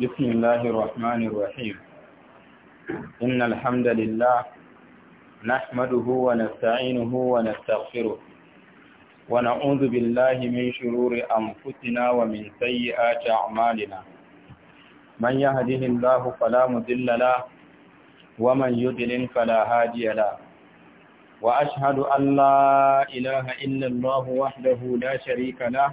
بسم الله الرحمن الرحيم إن الحمد لله نحمده ونستعينه ونستغفره ونعوذ بالله من شرور أنفسنا ومن سيئات أعمالنا من يهده الله فلا مذل له ومن يدلل فلا هادي له وأشهد أن لا إله إلا الله وحده لا شريك له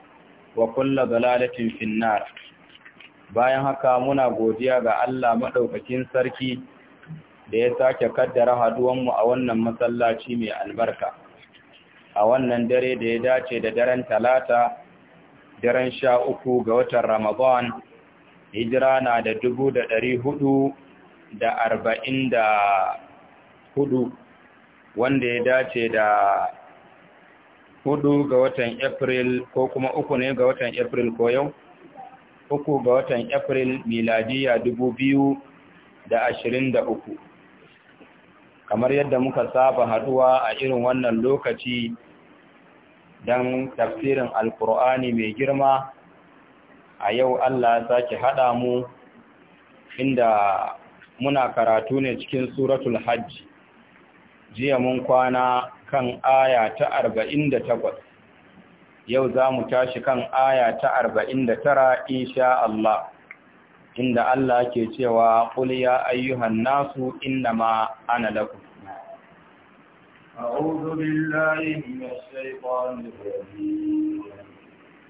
wa kulla dalalatin finnar bayan haka muna godiya ga Allah madaukakin sarki da ya sake kaddara haduwanmu a wannan masallaci mai albarka a wannan dare da ya dace da daren talata daren sha uku ga watan ramadan hijira na da dubu da ɗari hudu da arba'in da hudu wanda ya dace da hudu ga watan april ko kuma uku ne ga watan april ko yau uku ga watan april miladiya dubu biyu da ashirin da uku kamar yadda muka saba haduwa a irin wannan lokaci don tafsirin alkur'ani mai girma a yau allah sake haɗa mu inda muna karatu ne cikin suratul hajji jiya mun kwana kan aya ta arba'in da takwas. yau za mu tashi kan aya ta arba'in da tara insha Allah inda Allah ke cewa ƙuli ya ayyuhan nasu innama ana laku أعوذ بالله من الشيطان الرجيم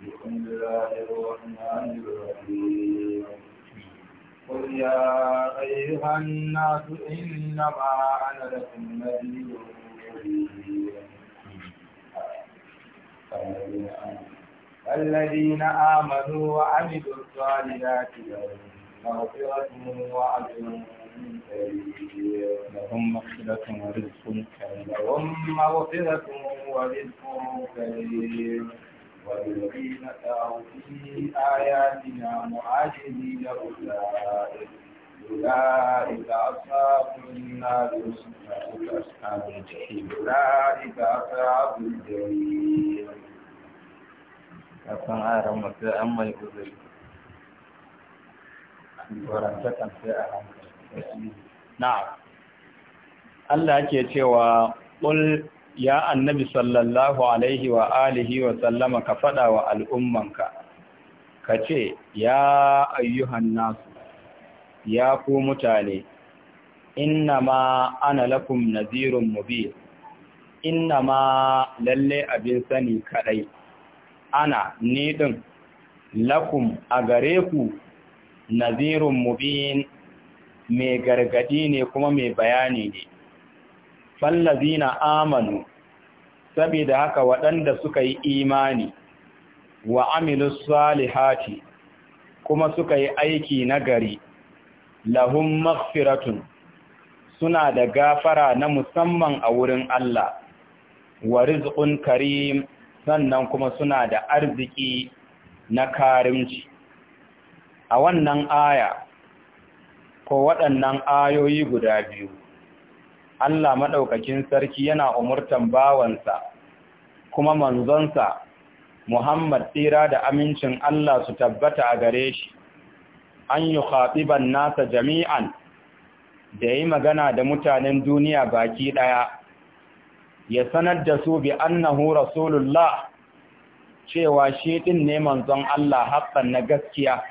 بسم الله الرحمن الرحيم قل يا أيها الناس إنما أنا لكم نذير الذين آمنوا وعملوا الصالحات مغفرة وأجر لهم مغفرة ورزق كريم لهم مغفرة ورزق كريم والذين سعوا في آياتنا معاجزين أولئك أولئك أصحاب النار أولئك أصحاب الجحيم أولئك أصحاب الجحيم kafin a rama sai an mai uzuri waranta kan sai a rama na Allah ke cewa ƙul ya annabi sallallahu alaihi wa alihi wa sallama ka faɗa wa al'ummanka ka ce ya ayyuhan nasu ya ku mutane inna ma ana lakum nazirun mubin inna ma lalle abin sani kaɗai, ana ni din lakum a gare ku nazirun mubin mai gargadi ne kuma mai bayani ne na amanu saboda haka waɗanda suka yi imani wa amilus salihati kuma suka yi aiki nagari lahum maghfiratun suna da gafara na musamman a wurin Allah wa rizqun karim sannan kuma suna da arziki na karimci a wannan aya ko waɗannan ayoyi guda biyu Allah maɗaukakin sarki yana umurtan bawansa kuma manzonsa Muhammad tsira da amincin Allah su tabbata a gare shi an yi khatiban nasa jami'an da yi magana da mutanen duniya baki ɗaya ya sanar da su bi annahu rasulullah cewa shi ɗin ne manzon Allah haƙƙan na gaskiya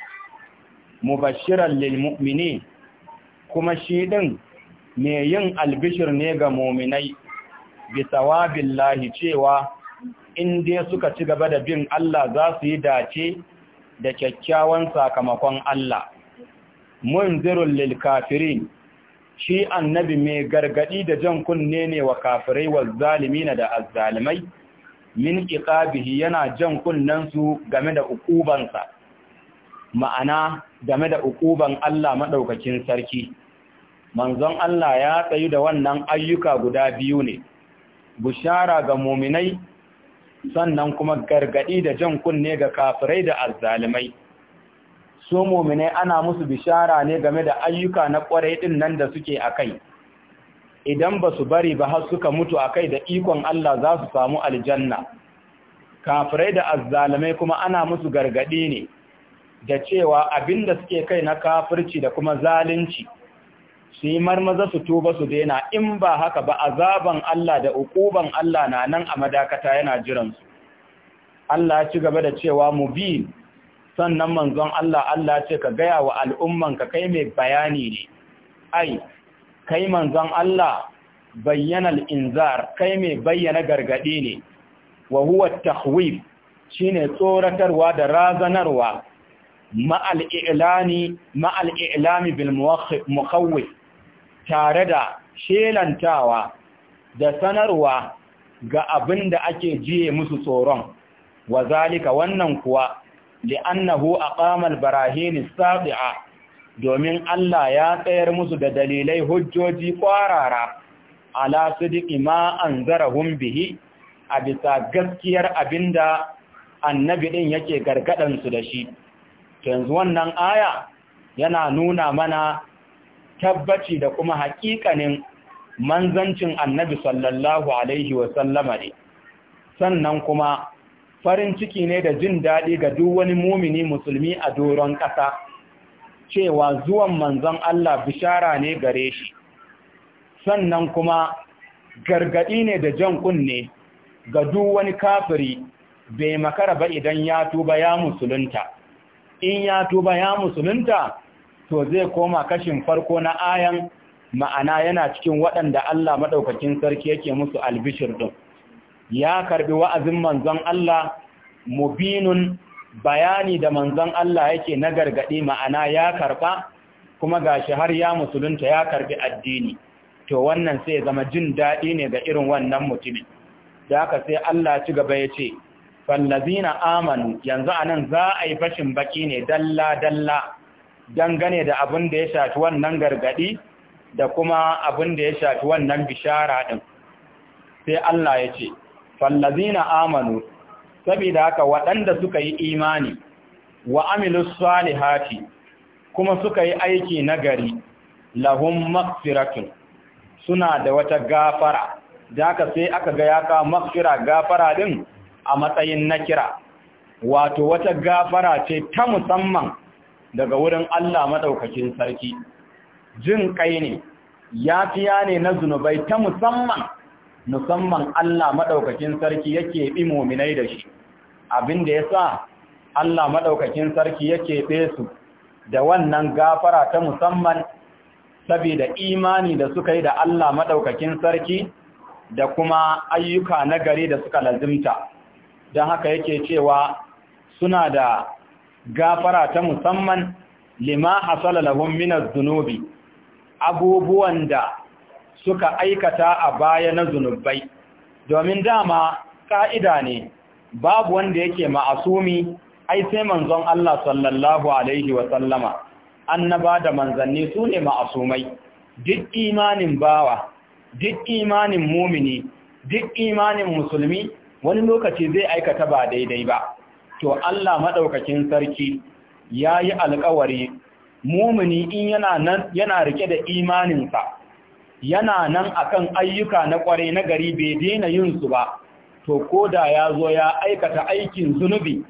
Mu bashiran kuma shi mai yin albishir ne ga muminai bi sawabillahi cewa in dai suka ci gaba da bin Allah za su yi dace da kyakkyawan sakamakon Allah munzirul lil kafirin shi annabi mai gargadi da jan kunne ne wa kafirai wa zalimina da azzalimai min iqabihi yana jan kunnen su game da ukubansa ma'ana game da ukuban Allah maɗaukakin sarki manzon Allah ya tsayu da wannan ayyuka guda biyu ne bushara ga muminai sannan kuma gargadi da jan kunne ga kafirai da azzalimai su mu'minai ana musu bishara ne game da ayyuka na kwarai din nan da suke akai idan ba su bari ba har suka mutu akai da ikon Allah za su samu aljanna kafirai da azzalimai kuma ana musu gargadi ne da cewa abinda suke kai na kafirci da kuma zalunci su yi marmaza su tuba su daina in ba haka ba azaban Allah da ukuban Allah na nan a madakata yana jiran su. Allah ci gaba da cewa mu bi sannan manzon Allah Allah ce ka gaya wa al'umman ka kai mai bayani ne ai kai manzon Allah bayyana inzar kai mai bayyana gargadi ne wa huwa tahwif shine tsoratarwa da razanarwa ma'al i'lani ma'al i'lami bil mukhawwif tare da shelantawa da sanarwa ga abin da ake jiye musu tsoron wa zalika wannan kuwa li'annahu ƙamar barahini sabi'a domin Allah ya tsayar musu da dalilai hujjoji ƙwarara, ala sidiki ma anzarahum bihi a bisa gaskiyar abinda annabi din yake gargadan su da shi yanzu wannan aya yana nuna mana tabbaci da kuma haƙiƙanin manzancin annabi sallallahu alaihi wasallama ne sannan kuma farin ciki ne da jin daɗi ga duk wani mumini musulmi a doron ƙasa cewa zuwan manzan Allah bishara ne gare shi sannan kuma gargaɗi ne da jan kunne ga duk wani kafiri bai makara ba idan ya tuba ya musulunta in ya tuba ya musulunta to zai koma kashin farko na ayan ma'ana yana cikin waɗanda Allah maɗaukakin sarki yake musu albishir ɗin ya karɓi wa'azin manzon Allah mubinun bayani da manzon Allah yake na gargaɗi ma'ana ya karɓa kuma gashi har ya musulunta ya karɓi addini to wannan sai zama jin daɗi ne ga irin wannan mutumin da haka sai Allah ci gaba ya ce fallazina amanu yanzu anan za a yi fashin baki ne dalla dalla dangane da abin da ya shafi wannan gargadi da kuma abin da ya shafi wannan bishara din sai Allah ya ce fallazina amanu saboda haka waɗanda suka yi imani wa amilus salihati kuma suka yi aiki nagari lahum maghfiratun suna da wata gafara da sai aka ga yaka ka maghfira gafara din a matsayin nakira wato wata gafara ce ta musamman daga wurin Allah madaukakin sarki jin kai ne ya yafiya ne na zunubai ta musamman musamman Allah madaukakin sarki yake bi mu'minai da shi abin da sa Allah madaukakin sarki yake be su da wannan gafara ta musamman saboda imani da suka yi da Allah madaukakin sarki da kuma ayyuka nagari da suka lazimta don haka yake cewa suna da gafara ta musamman lima a lahum min az-zunubi abubuwan da suka aikata a baya na zunubai domin dama ka'ida ne babu wanda yake ma'asumi ai sai manzon Allah sallallahu alaihi wa sallama annaba da manzanni su ne ma'asumai duk imanin bawa duk imanin mumini duk imanin musulmi wani lokaci zai aikata ba daidai ba to Allah maɗaukakin sarki ya yi alkawari mumini in yana nan yana rike da imaninsa yana nan akan ayyuka na ƙware na gari bai daina yin su ba to ko da ya zo ya aikata aikin zunubi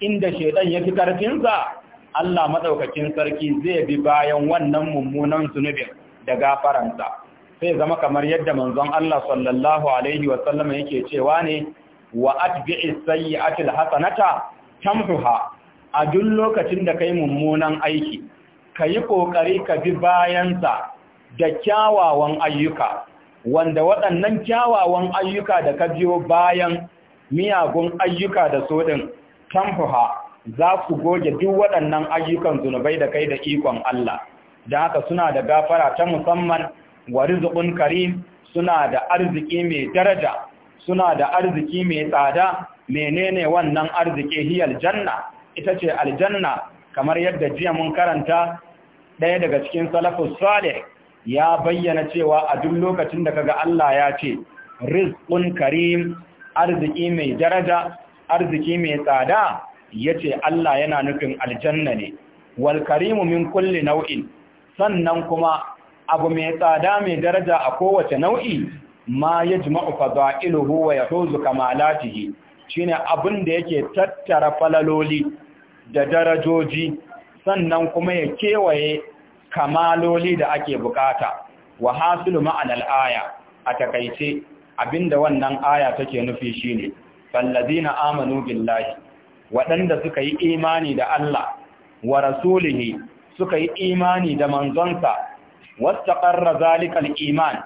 inda shaidan ya fi karfinsa Allah maɗaukakin sarki zai bi bayan wannan mummunan zunubin da gafaransa sai zama kamar yadda manzon Allah sallallahu alaihi wa sallam yake cewa ne wa atbi'is sayyi'atil hasanata tamhuha a duk lokacin da kai mummunan aiki ka yi ƙoƙari ka bi bayansa da kyawawan ayyuka wanda waɗannan kyawawan ayyuka da ka biyo bayan miyagun ayyuka da so ɗin tamhuha za su goge duk waɗannan ayyukan zunubai da kai da ikon Allah da haka suna da gafara ta musamman wa rizqun karim suna da arziki mai daraja suna da arziki mai tsada menene wannan arziki hiyal janna ita ce aljanna kamar yadda jiya mun karanta ɗaya daga cikin salafus salih ya bayyana cewa a duk lokacin da kaga Allah ya ce rizqun karim arziki mai daraja arziki mai tsada yace Allah yana nufin aljanna ne wal karim min kulli nau'in sannan kuma abu mai tsada mai daraja a kowace nau'i ma yajma'u fadailuhu wa yahuzu kamalatihi shine abin da yake tattara falaloli da darajoji sannan kuma ya kewaye kamaloli da ake bukata wa hasilu ma'anar aya a takaice abinda wannan aya take nufi shine fallazina amanu billahi waɗanda suka yi imani da Allah wa rasulihi suka yi imani da manzonsa wastaqarra zalikal iman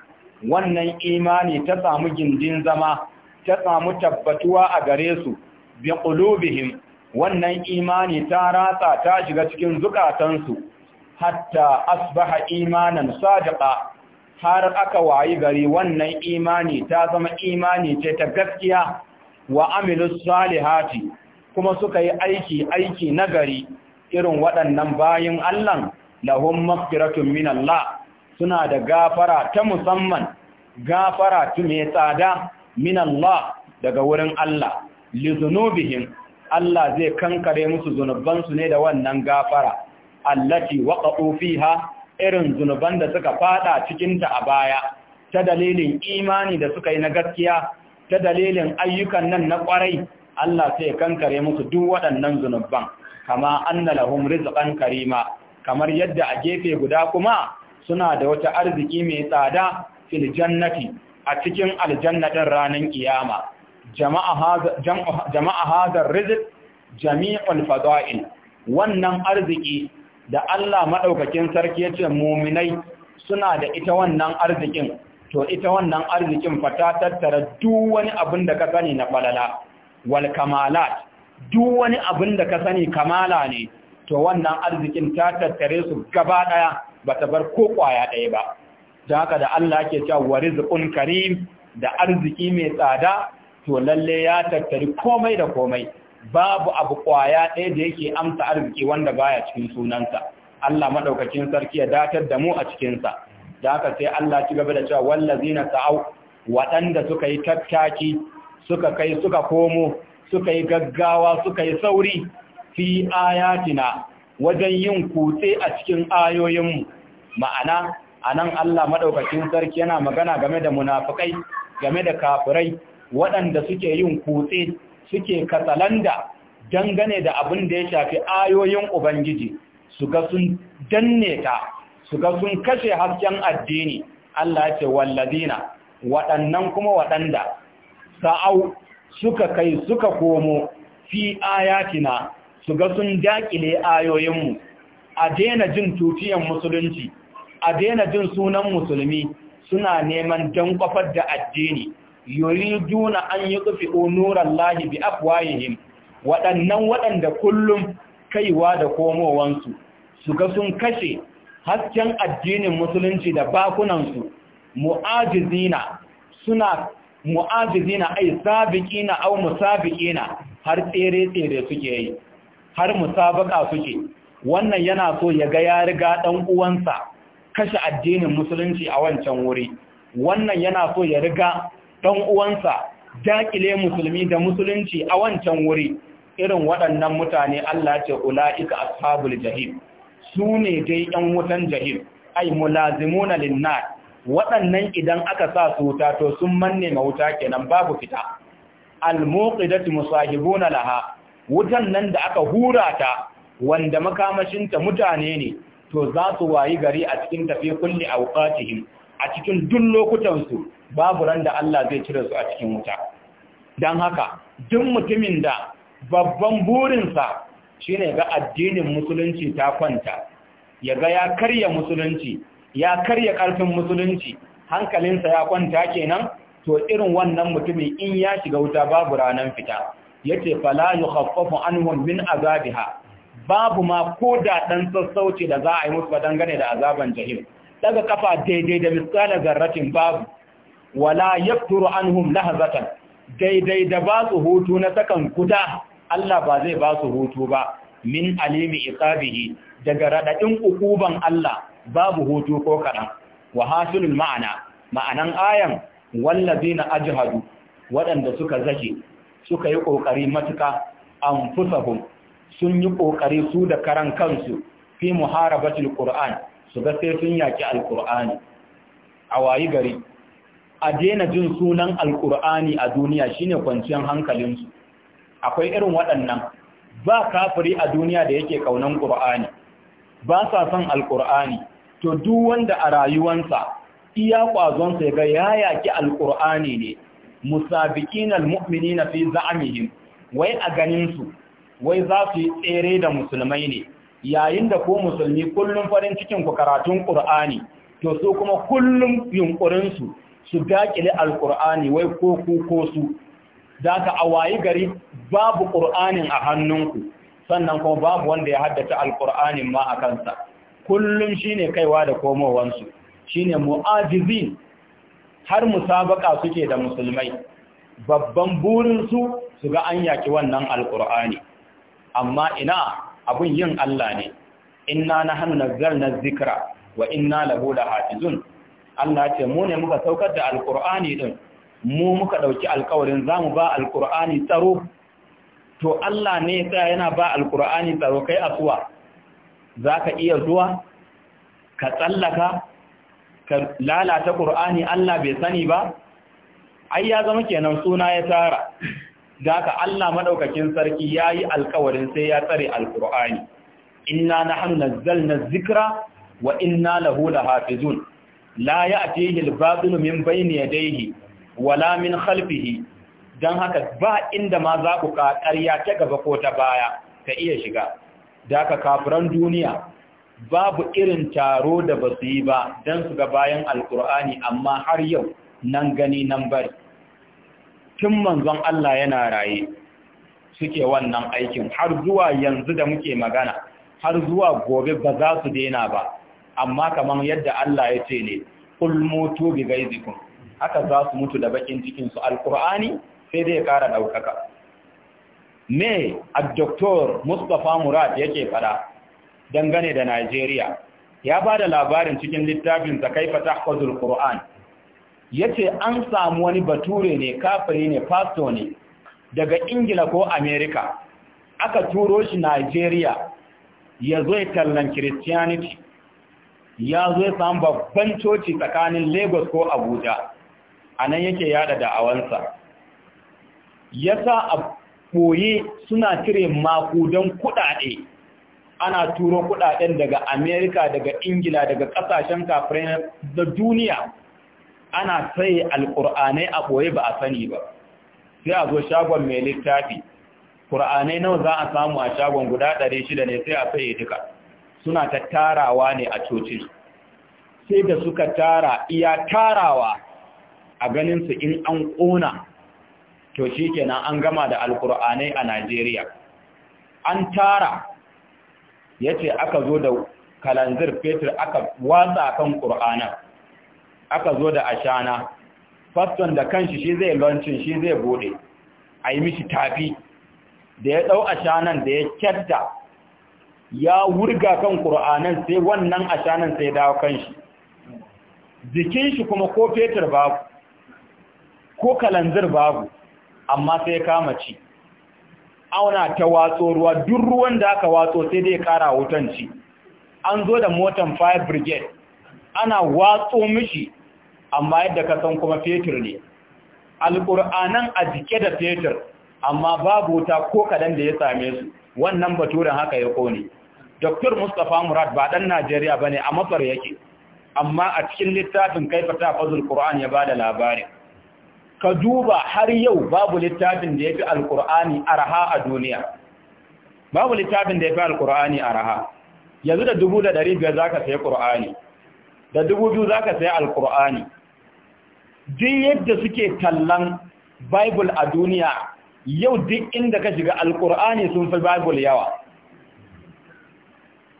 wannan imani ta samu gindin zama ta samu tabbatuwa a gare su bi qulubihim wannan imani ta ratsa ta shiga cikin zukatansu hatta asbaha imanan sadiqa har aka wayi gari wannan imani ta zama imani ce ta gaskiya wa amilus salihati kuma suka yi aiki aiki nagari irin waɗannan bayin Allah lahum maghfiratun min Allah suna da gafara ta musamman gafara tu mai tsada min Allah daga wurin Allah li Allah zai kankare musu zunubansu ne da wannan gafara allati waqa'u fiha irin zunuban da suka fada cikin ta a baya ta dalilin imani da suka yi na gaskiya ta dalilin ayyukan nan na kwarai Allah sai kankare musu duk waɗannan zunuban kama anna lahum rizqan karima kamar yadda a gefe guda kuma suna da wata arziki mai tsada fil jannati a cikin aljanna din ranar ƙiyama jama'a hazar rizik jami'ul fada'il wannan arziki da Allah maɗaukakin sarki ya ce muminai suna da ita wannan arzikin to ita wannan arzikin fa tattara duk wani abin da ka sani na falala wal kamala, duk wani abin da ka sani kamala ne to wannan arzikin ta tattare su gaba ɗaya ba ta bar ko ƙwaya ɗaya ba da haka da Allah ke cewa wari karim da arziki mai tsada to lalle ya tattari komai da komai babu abu kwaya ɗaya da yake amsa arziki wanda baya cikin sunansa Allah madaukakin sarki ya datar da mu a cikinsa. sa da haka sai Allah ci gaba da cewa wallazi na sa'au waɗanda suka yi tattaki suka kai suka komo suka yi gaggawa suka yi sauri fi ayatina wajen yin kutse a cikin ayoyinmu ma'ana a nan Allah maɗaukacin sarki yana magana game da munafukai game da kafirai waɗanda suke yin kutse suke katsalanda dangane da abin da ya shafi ayoyin Ubangiji su ga sun danne ta su ga sun kashe hasken addini Allah ya ce wallazina waɗannan kuma waɗanda sa'au suka kai suka komo fi ayatina su ga sun daƙile ayoyinmu a daina jin tutiyan musulunci a daina jin sunan musulmi suna neman don kwafar da addini yuri juna an yi tsufi onoran lahi bi afwayihim waɗannan waɗanda kullum kaiwa da komowansu su ga sun kashe hasken addinin musulunci da bakunansu mu'ajizina suna mu'ajizina ai sabiqina aw musabiqina har tsere tsere suke yi har musabaka suke wannan yana so ya ga ya riga dan uwansa kashe addinin musulunci a wancan wuri wannan yana so ya riga 'dan uwansa dakile musulmi da musulunci a wancan wuri irin waɗannan mutane Allah ce ula'ika ashabul jahim su ne dai ɗan wutan jahim ai mulazimuna linnar waɗannan idan aka sa su wuta to sun manne ma wuta kenan babu fita almuqidatu musahibuna laha wutan nan da aka hura ta wanda makamashinta mutane ne to za su wayi gari a cikin tafi kulli wukatihim a cikin duk lokutansu babu ran da Allah zai cire su a cikin wuta Don haka duk mutumin da babban burinsa shine ga addinin musulunci ta kwanta ya ga ya karya musulunci ya karya karfin musulunci hankalinsa ya kwanta kenan to irin wannan mutumin in ya shiga wuta babu ranar fita yace fala yukhaffafu anhum min azabiha babu ma ko da ɗan sassauci da za a yi musu dangane da azaban jahim daga kafa daidai da misalin zarratin babu wala yafturu anhum lahazatan daidai da ba su hutu na sakan kuda Allah ba zai ba su hutu ba min alimi iqabihi daga radadin ukuban Allah babu hutu ko kaɗan, wa ma'ana ma'anan ayan wallazina ajhadu waɗanda suka zaje suka yi kokari matuka anfusahum sun yi ƙoƙari su da karan kansu fi muharabatul Qur'an su ga sai sun yaki alqur'ani a wayi gari a daina jin sunan Alƙur'ani a duniya shine kwanciyan hankalinsu. akwai irin waɗannan ba kafiri a duniya da yake kaunan qur'ani ba sa son alqur'ani to duk wanda a rayuwansa iya kwazon sai ga ya yaki alqur'ani ne musabiqinal na fi za'amihim wai a ganin su wai za su yi tsere da musulmai ne yayin da ko musulmi kullum farin cikin ku karatun ƙur'ani to su kuma kullum yunƙurinsu su su Alkur'ani wai ko ku ko su za a wayi gari babu ƙur'anin a hannunku sannan kuma babu wanda ya haddata alqur'anin ma a kansa kullum shine kaiwa da komowansu shine mu'ajizin har musabaka suke da musulmai babban burinsu su ga an yaki wannan alƙur'ani amma ina abun yin Allah ne inna zar na zikira wa inna da hajjizun. Allah ce mu ne muka saukar da alqur'ani din mu muka dauki alƙawarin mu ba alqur'ani tsaro to Allah ne ya yana ba alur'ani tsaro kai asuwa Za ka iya zuwa ka tsallaka ka lalata ƙur'ani Allah bai sani ba ai ya zama kenan suna ya tara da aka Allah maɗaukakin sarki yayi alkawarin sai ya tsare alkur'ani inna zal na dhikra wa inna lahu hafizun la ya'tihi al-batil min ya daihi, wala min khalfihi dan haka ba inda ma za ku ya ta gaba ko ta baya ta iya shiga da aka kafiran duniya babu irin taro da basu yi ba dan su ga bayan Alkur'ani, amma har yau nan gani nan bari tun manzon Allah yana raye suke wannan aikin har zuwa yanzu da muke magana har zuwa gobe ba za su daina ba amma kamar yadda Allah ya ce ne kul mutu bi gaizikum haka za su mutu da bakin cikin su sai dai kara daukaka me a doktor Mustafa Murad yake fara dangane da Najeriya ya bada labarin cikin littafinsa sa kaifa tahfazul qur'an ya ce an samu wani bature ne kafiri ne pasto ne daga ingila ko amerika aka turo shi nigeria ya zo ya tallan christianity ya zo ya samu babban coci tsakanin lagos ko abuja a nan yake yada da'awansa ya sa a koye suna cire maku don kuɗaɗe ana turo kuɗaɗen daga amerika daga ingila daga ƙasashen kafirai da duniya ana sai alƙur'anai a ɓoye ba a sani ba sai a zo shagon mai littafi ƙur'anai nawa za a samu a shagon guda ɗari shida ne sai a saye duka suna ta tarawa ne a coci sai da suka tara iya tarawa a ganinsu in an ƙona to shi kenan an gama da alƙur'anai a najeriya an tara ya ce aka zo da kalanzir fetur aka watsa kan ƙur'anar aka zo da ashana faston da kanshi shi zai lancin shi zai bude a yi mishi tafi da ya ɗau ashanan da ya kyadda ya wurga kan ƙura'anan sai wannan ashanan sai dawo kanshi jikin shi kuma ko fetur babu ko kalanzir babu amma sai ya kama ci auna ta watso ruwa duk ruwan da aka watso sai dai kara wutan ci an zo da motan fire brigade ana watso mishi amma yadda ka san kuma fetur ne alƙur'anan a jike da fetur amma babu wuta ko kadan da ya same su wannan baturin haka ya kone dr mustapha murad ba dan najeriya ba ne a matsar yake amma a cikin littafin kaifa ta fazil qur'an ya ba da labarin ka duba har yau babu littafin da ya fi alƙur'ani araha a duniya babu littafin da ya fi alƙur'ani araha yanzu da dubu da ɗari biyar za ka sayi ƙur'ani da dubu biyu za ka sayi alƙur'ani duk yadda suke tallan bible a duniya yau duk inda ka shiga alkur'ani sun fi bible yawa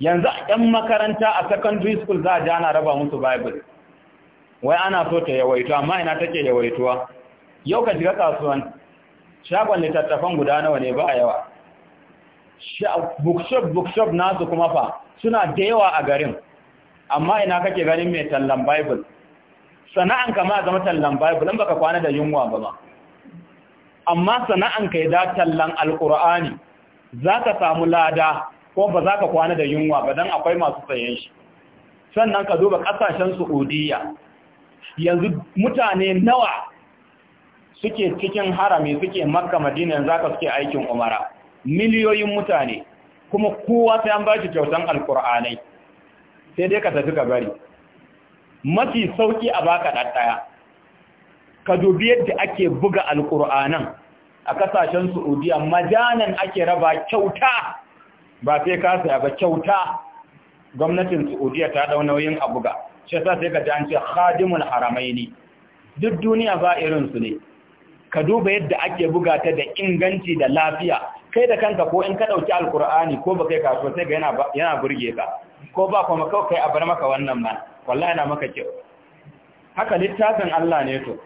yanzu a ɗan makaranta a secondary school za a ja ana raba musu bible wai ana so ta yawaitu, amma ina take yawaituwa yau ka shiga kasuwan shagon littattafan guda nawa ne ba a yawa bookshop bookshop nasu kuma fa suna da yawa a garin amma ina kake ganin mai tallan bible sana'an ka ma zama tallan bible don baka kwana da yunwa ba ma amma sana'an ka da tallan za ka samu lada ko ba za ka kwana da yunwa ba don akwai masu sayen shi sannan ka duba ƙasashen Saudiya yanzu mutane nawa suke cikin harami suke makka madina yanzu aka suke aikin umara miliyoyin mutane kuma kowa sai an bashi kyautan alkur'anai sai dai ka tafi ka bari mafi sauƙi a baka ɗan ɗaya ka dubi yadda ake buga alƙur'anan a ƙasashen Saudiya majanan ake raba kyauta ba sai ka saya ba kyauta gwamnatin Saudiya ta ɗau nauyin a buga shi sa sai ka ji an ce haramai haramaini duk duniya ba irinsu ne ka duba yadda ake buga ta da inganci da lafiya kai da kanka ko in ka ɗauki alkur'ani ko ba kasuwa sai yana burge ka ko ba kuma kai a bar maka wannan ba. wallahi na maka kyau haka littafin Allah ne to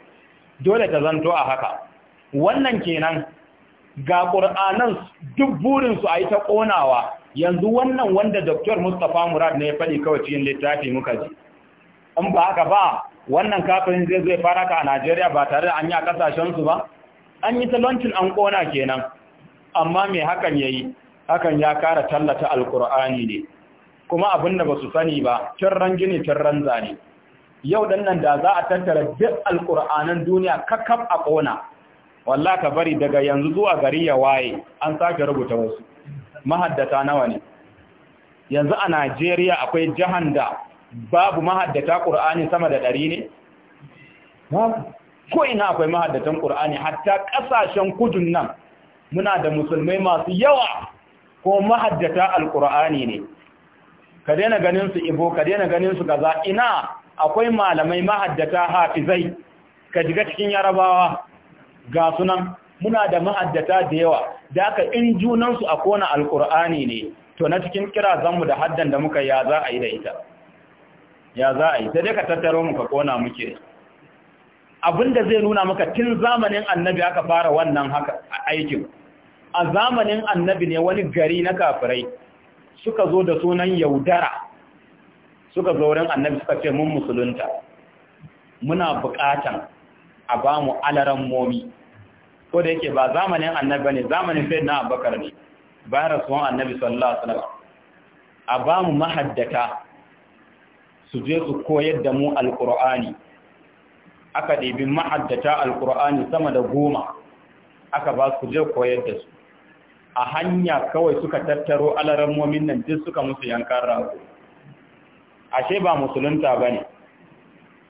dole ta zanto a haka wannan kenan ga ƙur'anan duk burin su ayi ta ƙonawa yanzu wannan wanda Dr. Mustapha Murad ne ya faɗi kawai cikin littafi muka ji in ba haka ba wannan kafirin zai zai fara ka a Najeriya ba tare da an yi a ƙasashensu ba, an yi talontin an kona kenan, amma me hakan yayi hakan ya kara tallata alkur'ani ne, kuma abin da ba su sani ba ran gini ran zane yau dan nan da za a tattara duk alkur'anan duniya kakkaf a ƙona wallah ka bari daga yanzu zuwa gari ya waye an sake rubuta wasu mahaddata nawa ne yanzu a Najeriya akwai jahan da babu mahaddata Qur'ani sama da ɗari ne ko ina akwai mahaddatan Qur'ani hatta ƙasashen kudun nan muna da musulmai masu yawa ko mahaddata alƙur'ani ne ka daina ganin su ibo ka daina ganin su kaza ina akwai malamai mahaddata hafizai ka jiga cikin yarabawa ga sunan muna da mahaddata da yawa da aka in junansu a kona alkur'ani ne to na cikin kira zanmu da haddan da muka ya za a yi da ita ya za a yi sai dai ka tattaro mu ka kona muke abinda zai nuna maka tun zamanin annabi aka fara wannan haka aikin a zamanin annabi ne wani gari na kafirai suka zo da sunan yaudara suka zo wurin annabi suka ce mun musulunta muna buƙatan a ba mu alaran momi ko da yake ba zamanin annabi ne zamanin sai na abakar ne bayan rasuwan annabi sallallahu alaihi wasallam a ba mu mahaddata su je su koyar da mu alqur'ani aka ɗebi mahaddata alqur'ani sama da goma aka ba su je koyar da su a hanya kawai suka tattaro mumin nan duk suka musu yankan rago ashe ba musulunta ba ne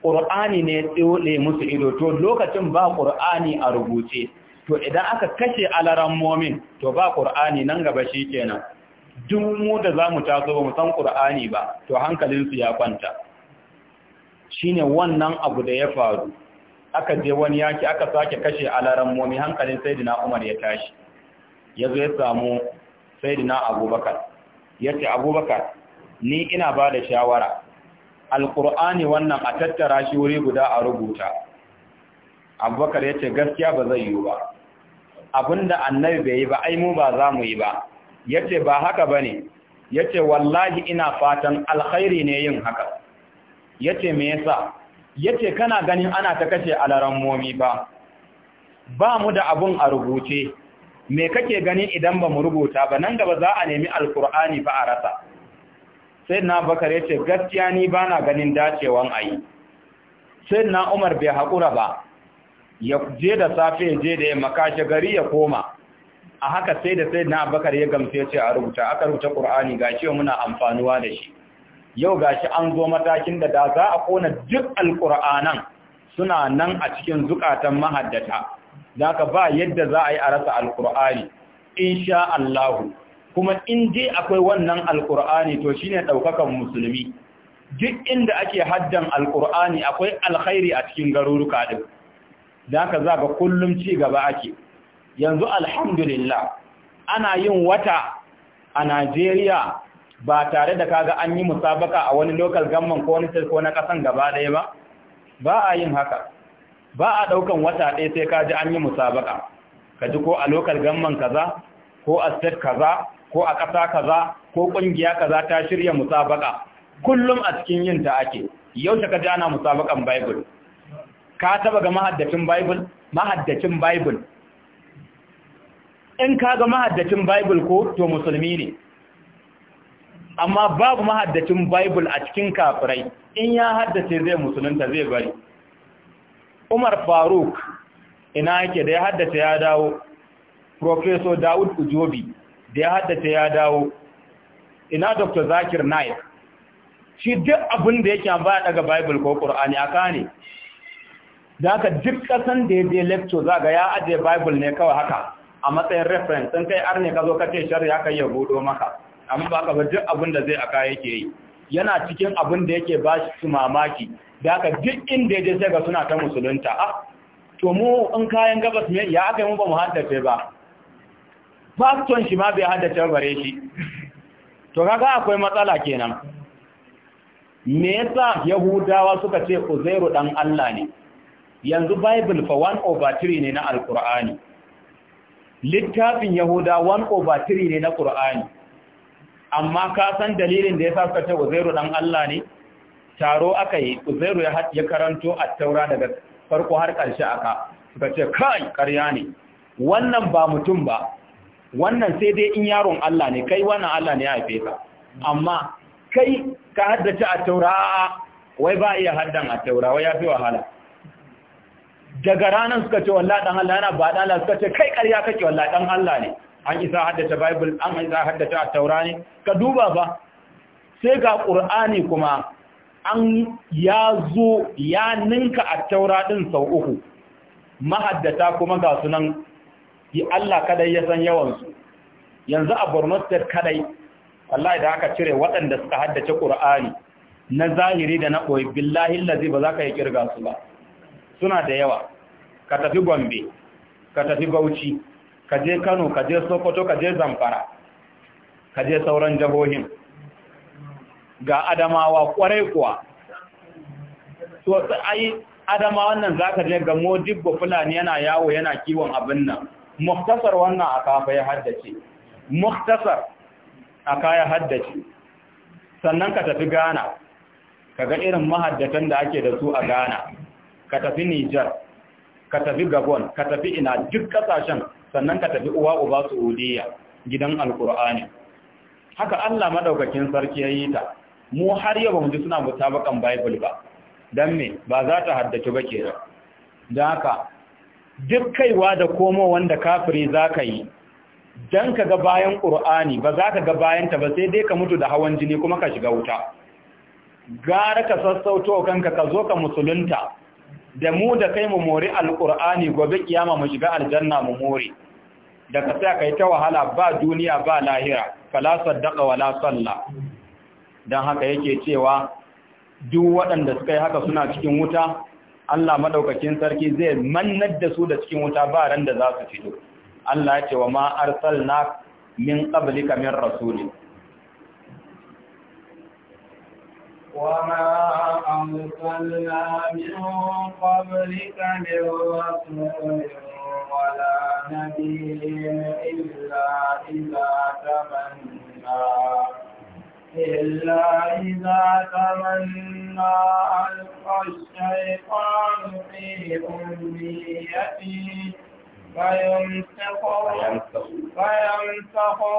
ƙur'ani ne tsole musu ido to lokacin ba ƙur'ani a rubuce to idan aka kashe mumin, to ba ƙur'ani nan gaba shi kenan duk mu da zamu taso ba mu san ƙur'ani ba to hankalinsu ya kwanta shine wannan abu da ya faru aka je wani yaki aka sake kashe mumin hankalin sai umar ya tashi ya zo ya samu saidina abubakar ya ce abubakar ni ina ba da shawara alkur'ani wannan a tattara shi wuri guda a rubuta abubakar ya ce gaskiya ba zai yi ba abinda annabi bai yi ba ai mu ba za mu yi ba ya ce ba haka ba ne ya ce wallahi ina fatan alkhairi ne yin haka ya ce me yasa ya ce kana ganin ana ta kashe momi ba ba mu da abun a rubuce me kake gani idan ba mu rubuta ba nan gaba za a nemi alkur'ani ba a rasa sai na bakar ya gaskiya ni ba na ganin dacewan ayi. yi sai na umar bai haƙura ba ya je da safe je da ya makashe gari ya koma a haka sai da sai na bakar ya gamsu ya ce a rubuta aka rubuta ƙur'ani ga shi muna amfanuwa da shi yau gashi an zo matakin da da za a kona duk alƙur'anan suna nan a cikin zukatan mahaddata da ka ba yadda za a yi a rasa alkur'ani insha Allah kuma in je akwai wannan alkur'ani to shine daukakan musulmi duk inda ake haddan alkur'ani akwai alkhairi a cikin garuruka din da ka za ga kullum ci gaba ake yanzu alhamdulillah ana yin wata a Najeriya ba tare da kaga an yi musabaka a wani local government ko na ƙasan gaba ɗaya ba ba a yin haka ba a ɗaukan wata ɗaya sai ka ji an yi musabaka ka ji ko a lokal gamman kaza ko a state kaza ko a ƙasa kaza ko ƙungiya kaza ta shirya musabaka kullum a cikin yin ta ake yau ta kaji ana musabakan bible ka taba ga mahaddacin bible mahaddacin bible in ka ga mahaddacin bible ko to musulmi ne amma babu mahaddacin bible a cikin kafirai in ya haddace zai musulunta zai bari Umar Faruk ina yake da ya haddace ya dawo Professor Daud Ujobi da ya haddace ya dawo ina Dr. Zakir Naik shi duk abin da yake ambaya daga Bible ko Qur'ani aka ne da ka duk kasan da ya je lecture za ga ya ajiye Bible ne kawai haka a matsayin reference sun kai arne ka zo ka ce shari ya kai ya godo maka amma ba ka ba duk abin da zai aka yake yi yana cikin abin da yake ba shi mamaki da aka duk inda ya sai ga suna ta musulunta ah to mu in kayan gabas mai ya aka yi mu ba mu haddace ba faston shi ma bai haddace bare shi to kaga akwai matsala kenan me yasa yahudawa suka ce uzairu dan Allah ne yanzu bible fa 1 over 3 ne na alqur'ani littafin yahuda 1 over 3 ne na qur'ani amma ka san dalilin da yasa suka ce uzairu dan Allah ne taro aka yi uzairu ya karanto a taura daga farko har ƙarshe aka suka ce kai ƙarya ne wannan ba mutum ba wannan sai dai in yaron Allah ne kai wannan Allah ne ya haife ka amma kai ka haddace a taura wai ba iya haddan a taura wai ya fi wahala daga ranar suka ce wallah dan Allah yana ba dan Allah suka ce kai ƙarya kake wallah dan Allah ne an isa haddace bible an isa haddace a taura ne ka duba ba sai ga qur'ani kuma an ya zo ya ninka a taura ɗin sau uku mahaddata kuma ga sunan yi Allah kadai ya san yawansu yanzu a Borno State kadai wallahi da aka cire waɗanda suka haddace Ƙur'ani, na zahiri da na ɓoye, billahi lazi ba za ka yi kirga su ba suna da yawa ka tafi Gombe ka tafi Bauchi ka je Kano ka je Sokoto ka je Zamfara ka je sauran jahohin ga adamawa kwarai kuwa to ai adamawan nan zaka je ga modibbo fulani yana yawo yana kiwon abin nan muktasar wannan aka ya haddace muktasar aka ya haddace sannan ka tafi Ghana ga irin mahaddatan da ake da su a Ghana ka tafi Niger ka tafi Gabon ka tafi ina duk kasashen sannan ka tafi uwa uba Saudiya gidan Alkur'ani haka Allah madaukakin sarki ya yi ta mu har yau ba mu ji suna mutabakan bible ba dan me ba za ta haddace ba ke dan haka duk kaiwa da komo wanda kafiri zaka yi dan ka ga bayan qur'ani ba za ka ga bayanta ba sai dai ka mutu da hawan jini kuma ka shiga wuta gara ka sassauto kanka ka zo ka musulunta da mu da kai mu mori alqur'ani gobe kiyama mu shiga aljanna mu more da ka sa yi ta wahala ba duniya ba lahira fala saddaqa wala sallah. don haka yake cewa duk waɗanda suka yi haka suna cikin wuta Allah madaukakin sarki zai mannar da su da cikin wuta ba ran da za su fito Allah ya ce wa ma arsalna min qablika min rasulin وما أرسلنا من قبلك من رسول ولا نبي إلا إذا تمنى إلا إذا تمنى ألقى الشيطان في أمنيته فيمسخ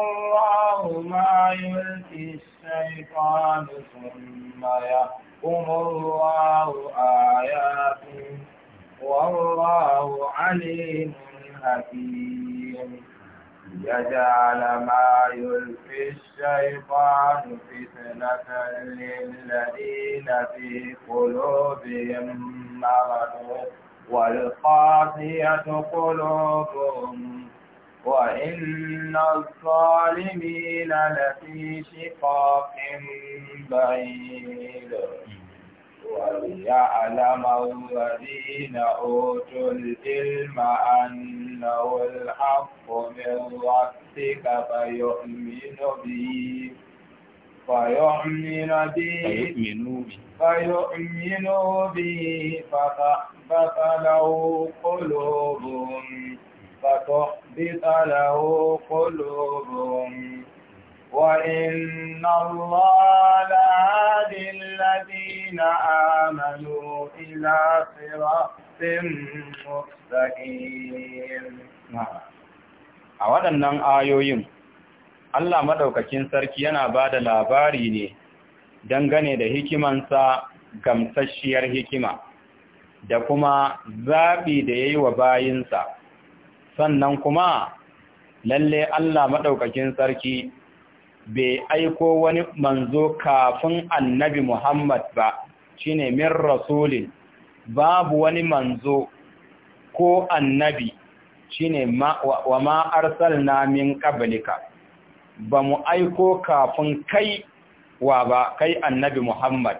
الله ما يلقي الشيطان ثم يحكم الله آياته والله عليم حكيم يجعل ما يلقي الشيطان فتنة للذين في قلوبهم مرض والقاسية قلوبهم وإن الظالمين لفي شقاق بعيد وليعلم الذين أوتوا العلم أنه الحق من ربك فيؤمن به فيؤمن به فيؤمن به فتحبط له قلوبهم فتحبط له قلوبهم وإن الله لعاد الذين آمنوا إلى صراط مستقيم a waɗannan ayoyin Allah maɗaukakin sarki yana ba da labari ne dangane da hikimansa gamsasshiyar hikima da kuma zaɓi da ya yi wa bayinsa sannan kuma lalle Allah maɗaukakin sarki bai aiko wani manzo kafin annabi Muhammad ba shine min rasulin babu wani manzo ko annabi shine wa ma arsalna min ƙabalika ba mu aiko kafin kai wa ba kai annabi Muhammad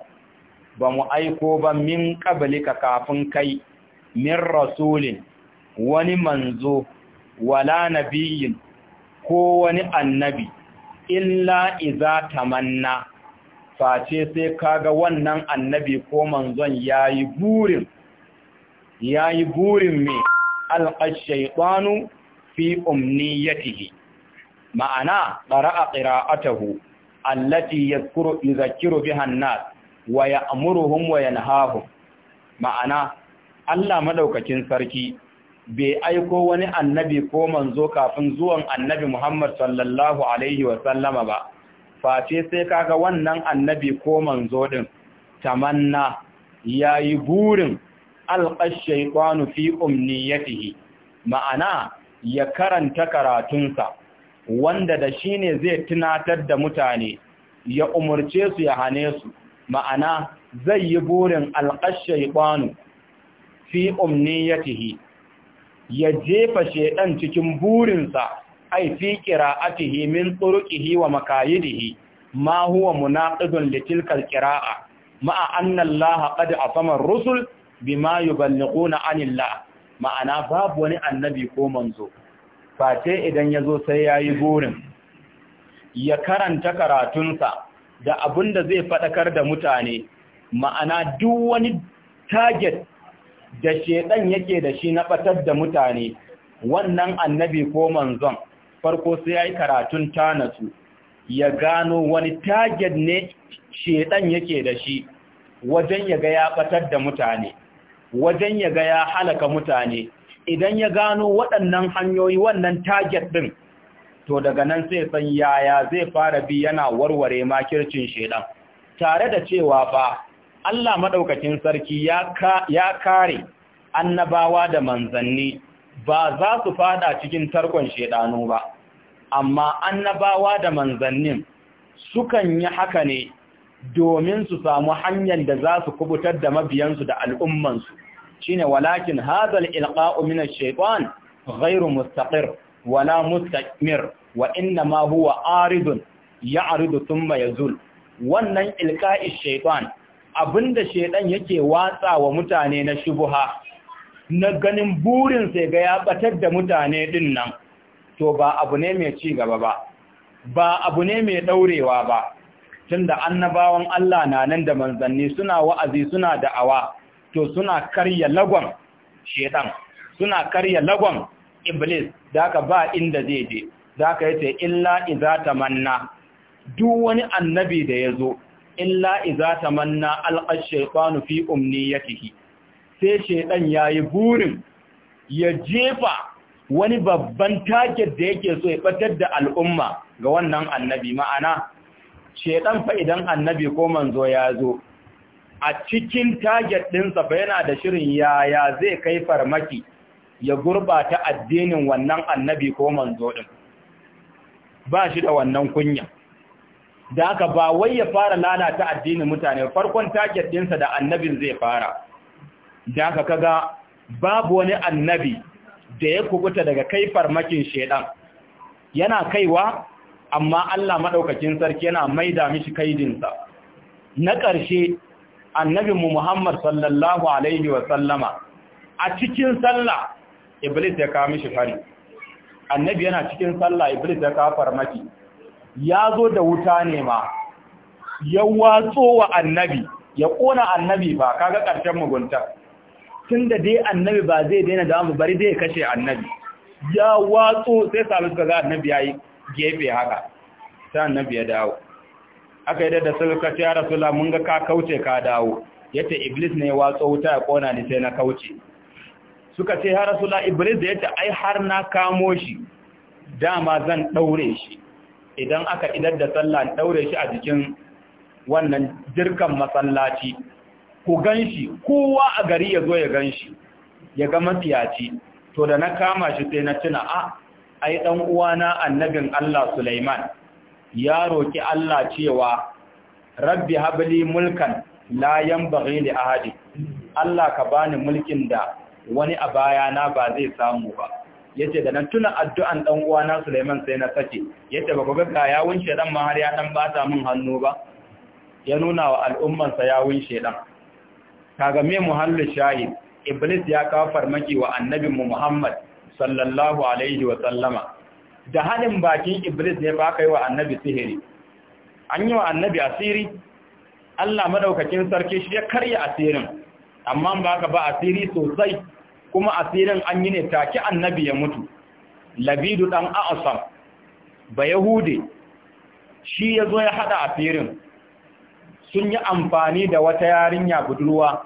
ba mu aiko ba min ƙabalika kafin kai min rasulin wani manzo wala nabiyin ko wani annabi illa iza tamanna face sai kaga wannan annabi ko manzon yayi burin yayi burin me al-shaytanu fi umniyatihi ma'ana qara'a qira'atahu allati yadhkuru yadhkuru biha an-nas wa ya'muruhum wa yanhahum ma'ana Allah madaukakin sarki bai aiko wani annabi ko manzo kafin zuwan annabi Muhammad sallallahu alaihi sallama ba face sai kaga wannan annabi ko manzo ɗin. tamanna yayi burin ƙwanu fi umniyatihi ma'ana ya karanta karatunsa wanda da shi ne zai tunatar da mutane ya umurce su ya hane su ma'ana zai yi burin ƙwanu fi umniyatihi ya jefa shedan cikin burinsa ai fi qira'atihi min turqihi wa makayidihi ma huwa munaqidun li tilkal qira'a ma'a anna Allah qad asama ar-rusul bima yuballighuna 'anillah ma'ana babu wani annabi ko manzo face idan yazo sai yayi burin ya karanta karatunsa da abin da zai faɗakar da mutane ma'ana duk wani target da shedan yake da shi na batar da mutane wannan annabi ko manzon farko sai yayi karatun tanasu ya gano wani target ne shedan yake da shi wajen ya ga ya batar da mutane wajen ya ga ya halaka mutane idan ya gano waɗannan hanyoyi wannan target din to daga nan sai san yaya zai fara bi yana warware makircin shedan tare da cewa fa Allah maɗaukacin sarki ya kare annabawa da manzanni ba za su fada cikin tarkon shaidanu ba, amma annabawa da manzannin sukan yi haka ne domin su samu hanyar da za su kubutar da mabiyansu da al'ummansu, shi ne walakin hazal ilƙa'u minar shaiɗan ghairu Mustaqir wala mustaƙmir wa inna ma huwa aridun ya aridu tun mai zul. Wannan ilƙa'i shaiɗan Abin da shedan yake watsa wa mutane na shubuha na ganin burin sai ga ya batar da mutane din nan to ba abu ne mai ci gaba ba ba abu ne mai daurewa ba tunda annabawan Allah na nan da manzanni suna wa'azi suna da'awa to suna karya lagon shedan suna karya lagon iblis da ba inda zai je za ka yi sai illa izata tamanna manna duk wani annabi da ya zo illa iza tamanna alqa shaytanu fi umniyatihi sai ya yayi burin ya jefa wani babban taget da yake so ya batar da al'umma ga wannan annabi ma'ana shaydan fa idan annabi ko manzo ya zo a cikin target ɗinsa ba yana da shirin yaya zai kai farmaki ya gurbata addinin wannan annabi ko manzo ɗin ba shi da wannan kunya da aka ba wai ya fara lalata addinin mutane farkon target ɗinsa da annabin zai fara da ka kaga babu wani annabi da ya kubuta daga kai farmakin shedan yana kaiwa amma Allah maɗaukakin sarki yana maida mishi kaidinsa na ƙarshe annabin mu Muhammad sallallahu alaihi wa sallama a cikin sallah iblis ya kawo mishi fari annabi yana cikin sallah iblis ya kawo farmaki ya zo da wuta ne ma ya watso wa annabi ya kona annabi ba kaga ƙarshen mugunta tunda dai annabi ba zai daina da mu bari dai kashe annabi ya watso sai sabu suka ga annabi yayi gefe haka sai annabi ya dawo aka yi da sulka ya rasulullah mun ga ka kauce ka dawo yace iblis ne ya watso wuta ya kona ni sai na kauce suka ce ya rasulullah iblis da yace ai har na kamo shi dama zan daure shi idan aka idar da sallah daure shi a jikin wannan jirkan masallaci ku ganshi kowa a gari ya zo ya ganshi ya ga mafiyaci to da na kama shi sai na tuna a ai dan uwana annabin Allah Sulaiman ya roki Allah cewa rabbi habli mulkan la yanbaghi li ahadi Allah ka bani mulkin da wani a baya na ba zai samu ba Ya ce da nan tuna addu'an dan uwana Sulaiman sai na sake yace ba ku ga wunshe dan ma har ya dan bata min hannu ba ya nuna wa al'umman sa wunshe dan. kaga me muhallu shahid iblis ya kawo farmaki wa annabinmu Muhammad sallallahu alaihi wa sallama da haɗin bakin iblis ne ba kai wa annabi sihiri an yi wa annabi asiri Allah madaukakin sarki shi ya karya asirin amma ba ka ba asiri sosai kuma asirin an yi ne take annabi ya mutu labidu dan a'asar ba yahude shi ya zo ya hada asirin sun yi amfani da wata yarinya budurwa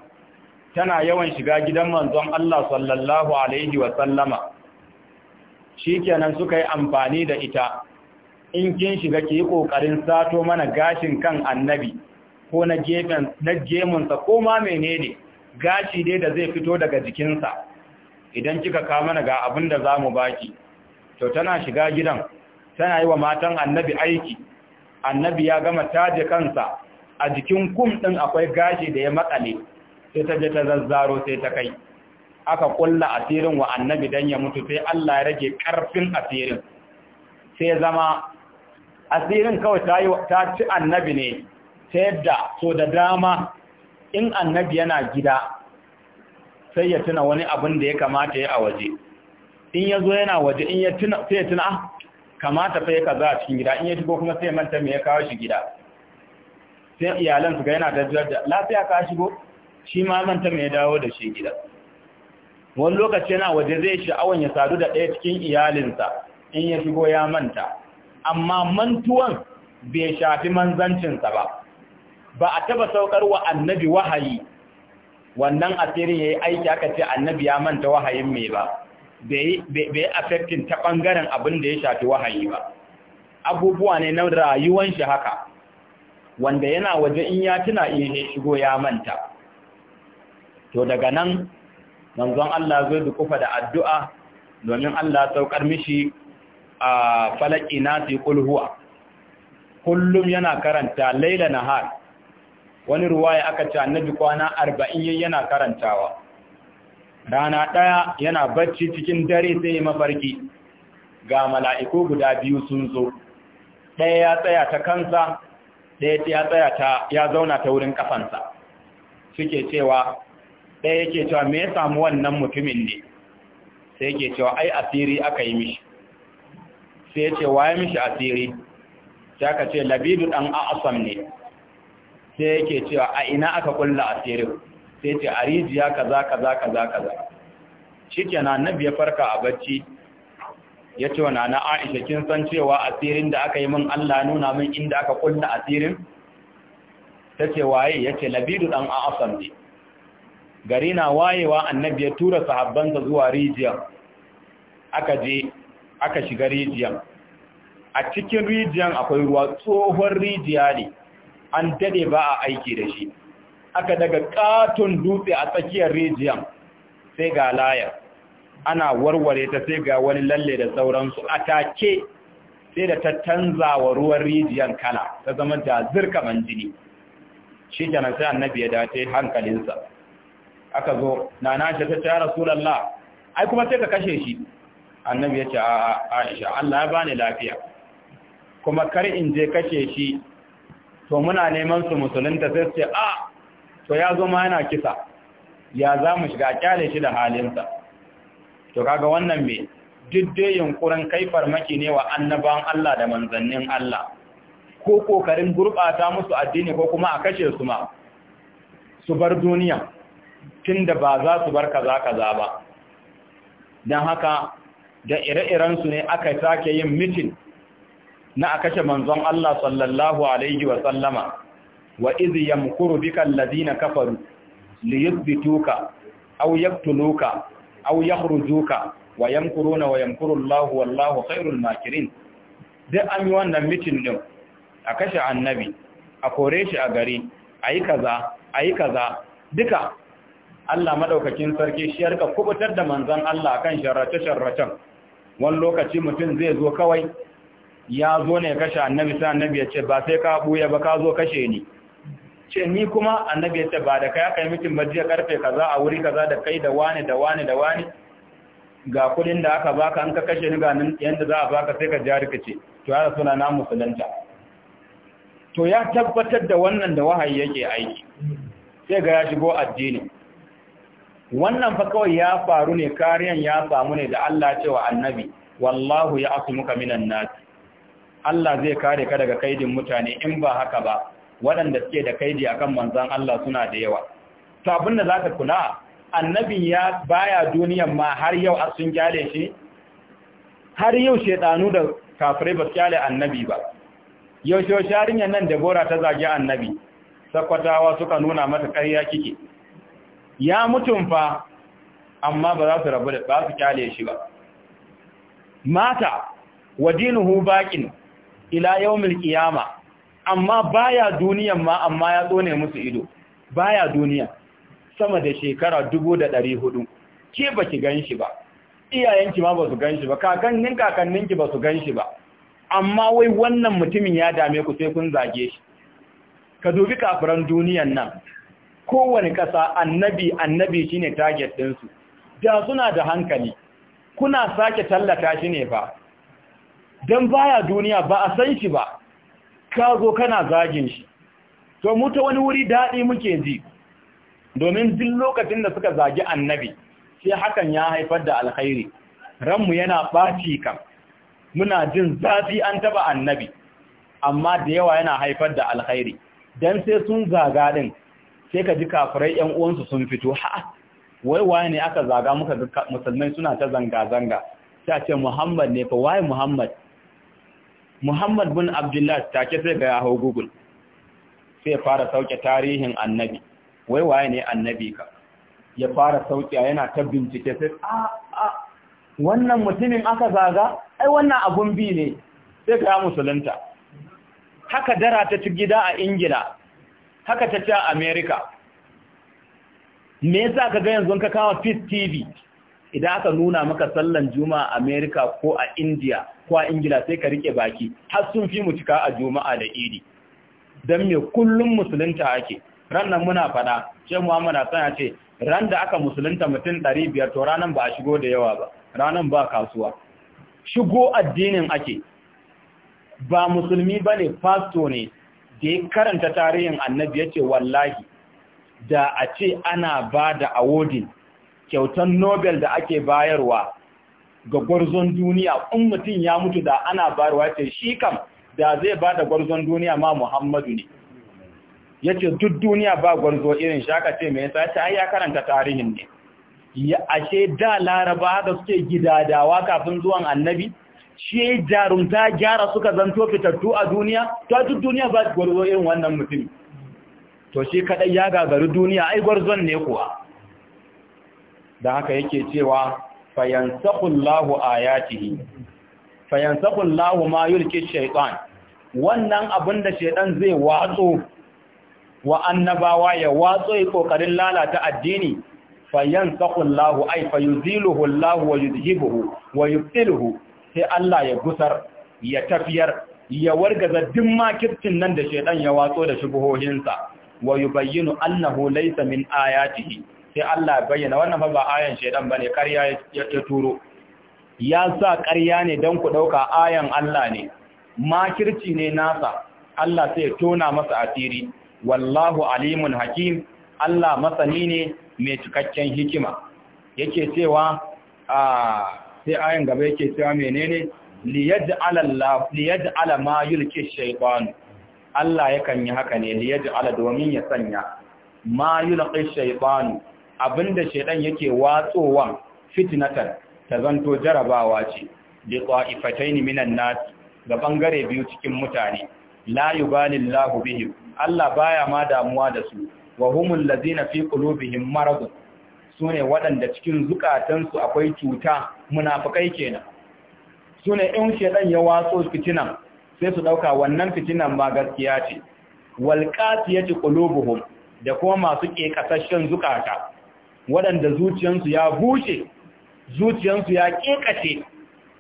tana yawan shiga gidan manzon Allah sallallahu alaihi wa sallama kenan suka yi amfani da ita in kin shiga ki yi kokarin sato mana gashin kan annabi ko na gemunsa ko ma menene gashi dai da zai fito daga jikinsa idan kika ka mana ga abin da za mu baki to tana shiga gidan tana yi wa matan annabi aiki annabi ya gama taje kansa a jikin kum ɗin akwai gashi da ya matsale sai ta je ta zazzaro sai ta kai aka kulla asirin wa annabi dan ya mutu sai Allah ya rage ƙarfin asirin sai zama asirin kawai ta ci annabi ne ta yadda so da dama in annabi yana gida sai ya tuna wani abin da ya kamata ya a waje in ya zo yana waje in ya tuna sai ya tuna ah, kamata fa ya kaza a cikin gida in ya shigo kuma sai ya manta me ya kawo shi gida sai iyalan su ga yana dajjar da lafiya ka shigo shi ma manta me ya dawo da shi gida wani lokaci yana waje zai sha'awan ya sadu da ɗaya cikin iyalinsa in ya shigo ya manta amma mantuwan bai shafi manzancinsa ba ba a taba saukar wa annabi wahayi wannan asirin yi aiki aka ce annabi ya manta wahayin mai ba bai yi affecting ta ɓangaren abin da ya shafi wahayi ba abubuwa ne na rayuwan shi haka wanda yana waje in ya tuna in ya shigo ya manta to daga nan manzon Allah zai dukufa da addu'a domin Allah saukar mishi a falaki na kulhuwa kullum yana karanta laila nahar wani ruwa ya aka ce annabi kwana arba'in yana karantawa rana ɗaya yana bacci cikin dare sai ya mafarki ga mala'iku guda biyu sun zo ɗaya ya tsaya ta kansa ɗaya ya tsaya ta ya zauna ta wurin ƙafansa suke cewa ɗaya yake cewa me ya samu wannan mutumin ne sai yake cewa ai asiri aka yi mishi sai ya waye mishi asiri sai aka ce labidu ɗan a'asam ne sai yake cewa a ina aka kulla asirin sai ce a rijiya kaza kaza kaza kaza shikenan nabi ya farka a bacci ya ce wa nana Aisha kin san cewa asirin da aka yi min Allah nuna min inda aka kulla asirin ta ce waye ya ce labidu dan a'asam ne gari na wayewa annabi ya tura sahabbansa zuwa rijiyar aka je aka shiga rijiyar a cikin rijiyar akwai ruwa tsohon rijiya ne an dade ba a aiki da shi aka daga katon dutse a tsakiyar rijiyar sai ga layar ana warware ta sai ga wani lalle da sauransu a take sai da ta canza wa ruwan rijiyar kala ta zama da zirka jini. shi kenan sai annabi ya dace hankalinsa aka zo nana ta ta ya rasulullah ai kuma sai ka kashe shi annabi ya ce a Aisha Allah ya bani lafiya kuma kar in je kashe shi to muna neman su musulunta sai ce a to ya zo ma yana kisa ya za mu shiga kyale shi da halinsa to kaga wannan me diddai yunkurin kai farmaki ne wa annaban Allah da manzannin Allah ko kokarin gurɓata musu addini ko kuma a kashe su ma su bar duniya tunda ba za su bar kaza kaza ba dan haka da ire iren su ne aka sake yin mitin na a kashe manzon Allah sallallahu alaihi wa sallama wa iz yamkuru bika kafaru liyuthbituka aw yaqtuluka aw yakhrujuka wa na wa yamkuru Allah wallahu khairul makirin duk an yi wannan mitin din a kashe annabi a kore shi a gari yi kaza yi kaza duka Allah madaukakin sarki shi yarka kubutar da manzon Allah kan sharrace sharracen wani lokaci mutum zai zo kawai ya zo ne kashe annabi sai annabi ya ce ba sai ka buya ba ka zo kashe ni ce ni kuma annabi ya ce ba da kai aka yi mutum ba, jiya karfe kaza a wuri kaza da kai da wani da wani da wani ga kudin da aka baka an ka kashe ni ga nan yanda za a baka sai ka jari ka ce to ya suna na musulunta to ya tabbatar da wannan da wahayi yake aiki sai ga ya shigo addini wannan fa kawai ya faru ne kariyan ya samu ne da Allah cewa annabi wallahu ya asumuka minan nasi Allah zai kare ka daga kaidin mutane in ba haka ba waɗanda suke da kaidi akan manzan Allah suna da yawa to abin da zaka kula annabin ya baya duniyan ma har yau a sun gyale shi har yau shedanu da kafirai ba su gyale annabi ba yau shi yarinyar nan Debora ta zagi annabi sakwatawa suka nuna mata ƙarya kike ya mutum fa amma ba za su rabu da ba su gyale shi ba mata wadinuhu baƙin. ila yawmil qiyama amma baya duniyan ma amma ya tsone musu ido baya duniya sama da shekara 1400 ke baki ganshi ba iyayenki ma su ganshi ba kakannin kakanninki su ganshi ba amma wai wannan mutumin ya dame ku sai kun zage shi ka dubi kafiran duniyan nan kowane kasa annabi annabi shine target su. da suna da hankali kuna sake tallata shi ne fa don baya duniya ba a san shi ba ka zo kana zagin shi to mu ta wani wuri daɗi muke ji domin duk lokacin da suka zagi annabi sai hakan ya haifar da alkhairi ranmu yana ɓaci kan muna jin zafi an taba annabi amma da yawa yana haifar da alkhairi dan sai sun zaga din sai ka ji kafirai 'yan uwansu sun fito ha wai waye aka zaga muka musulmai suna ta zanga zanga sai ce Muhammad ne fa waye Muhammad Muhammad bin Abdullah take sai ga yaho Google sai fara sauke tarihin annabi wai waye ne annabi ka ya fara sauke yana ta bincike sai a a wannan mutumin aka zaga ai wannan abun bi ne sai ga musulunta haka dara ta ci gida a Ingila haka ta ci a America me yasa ka ga yanzu ka kama Fit TV idan aka nuna maka sallan juma'a a America ko a India kwa ingila sai ka rike baki har sun fi mu cika a juma'a da idi dan me kullum musulunta ake ran nan muna faɗa ce Muhammadu. sai ya ce ran da aka musulunta mutum ɗari biyar to ranan ba a shigo da yawa ba ranan ba kasuwa shigo addinin ake ba musulmi bane ne fasto ne da ya karanta tarihin annabi ya ce wallahi da a ce ana ba da awodin kyautan nobel da ake bayarwa ga gwarzon duniya in mutum ya mutu da ana barwa ce shi kam da zai ba da gwarzon duniya ma muhammadu ne ya ce duk duniya ba gwarzo irin shaka ce mai yasa ce ya karanta tarihin ne ya ashe da laraba haka suke gidadawa kafin zuwan annabi shi jarumta gyara suka zanto fitattu a duniya a duk duniya ba gwarzo irin wannan mutum to shi kadai ya gagari duniya ai gwarzon ne kuwa da haka yake cewa fayansaqullahu ayatihi fayansaqullahu ma yulki shaytan wannan abinda shaytan zai watso wa annabawa ya watso ya kokarin lalata addini fayansaqullahu ay fayuziluhu Allah wa yuzhibuhu wa yubtiluhu sai Allah ya gusar ya tafiyar ya wargaza duk makircin nan da shaytan ya watso da shubuhohinsa wa yubayyinu annahu laysa min ayatihi sai Allah ya bayyana wannan ba ayan shedan bane ƙarya ya turo ya sa ƙarya ne don ku ɗauka ayan Allah ne makirci ne nasa Allah sai ya tona masa asiri wallahu alimun hakim Allah masani ne mai cikakken hikima yake cewa a sai ayan gaba yake cewa menene liyaj'ala Allah liyaj'ala ma yulki shaytan Allah yakan yi haka ne liyaj'ala domin ya sanya ma yulqi shaytan abinda shaidan yake watsowa fitnatar ta zanto jarabawa ce bi qa'ifatayn minan nas ga bangare biyu cikin mutane la yubalillahu bihim Allah baya ma damuwa da su wa humul ladina fi qulubihim marad sune waɗanda cikin zukatansu akwai cuta munafikai kenan sune in shedan ya watso fitinan sai su dauka wannan fitinan ma gaskiya ce wal qasiyati qulubuhum da kuma masu kekasashen zukata waɗanda zuciyansu ya bushe zuciyansu ya ƙiƙace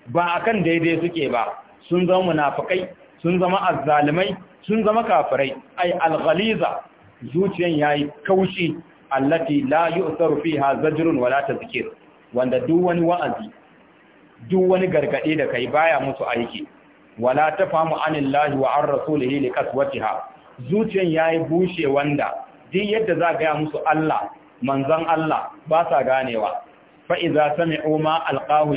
ba a kan daidai suke ba sun zama munafukai sun zama azzalimai sun zama kafirai ai alghaliza zuciyan yayi kaushi allati la yu'tharu fiha zajrun wala tazkir wanda duk wani wa'azi duk wani gargade da kai baya musu aiki wala tafamu anillahi wa an rasulihi likaswatiha zuciyan yayi bushe wanda duk yadda za ga ya musu Allah manzon Allah ba sa ganewa fa sami sami'u ma alqahu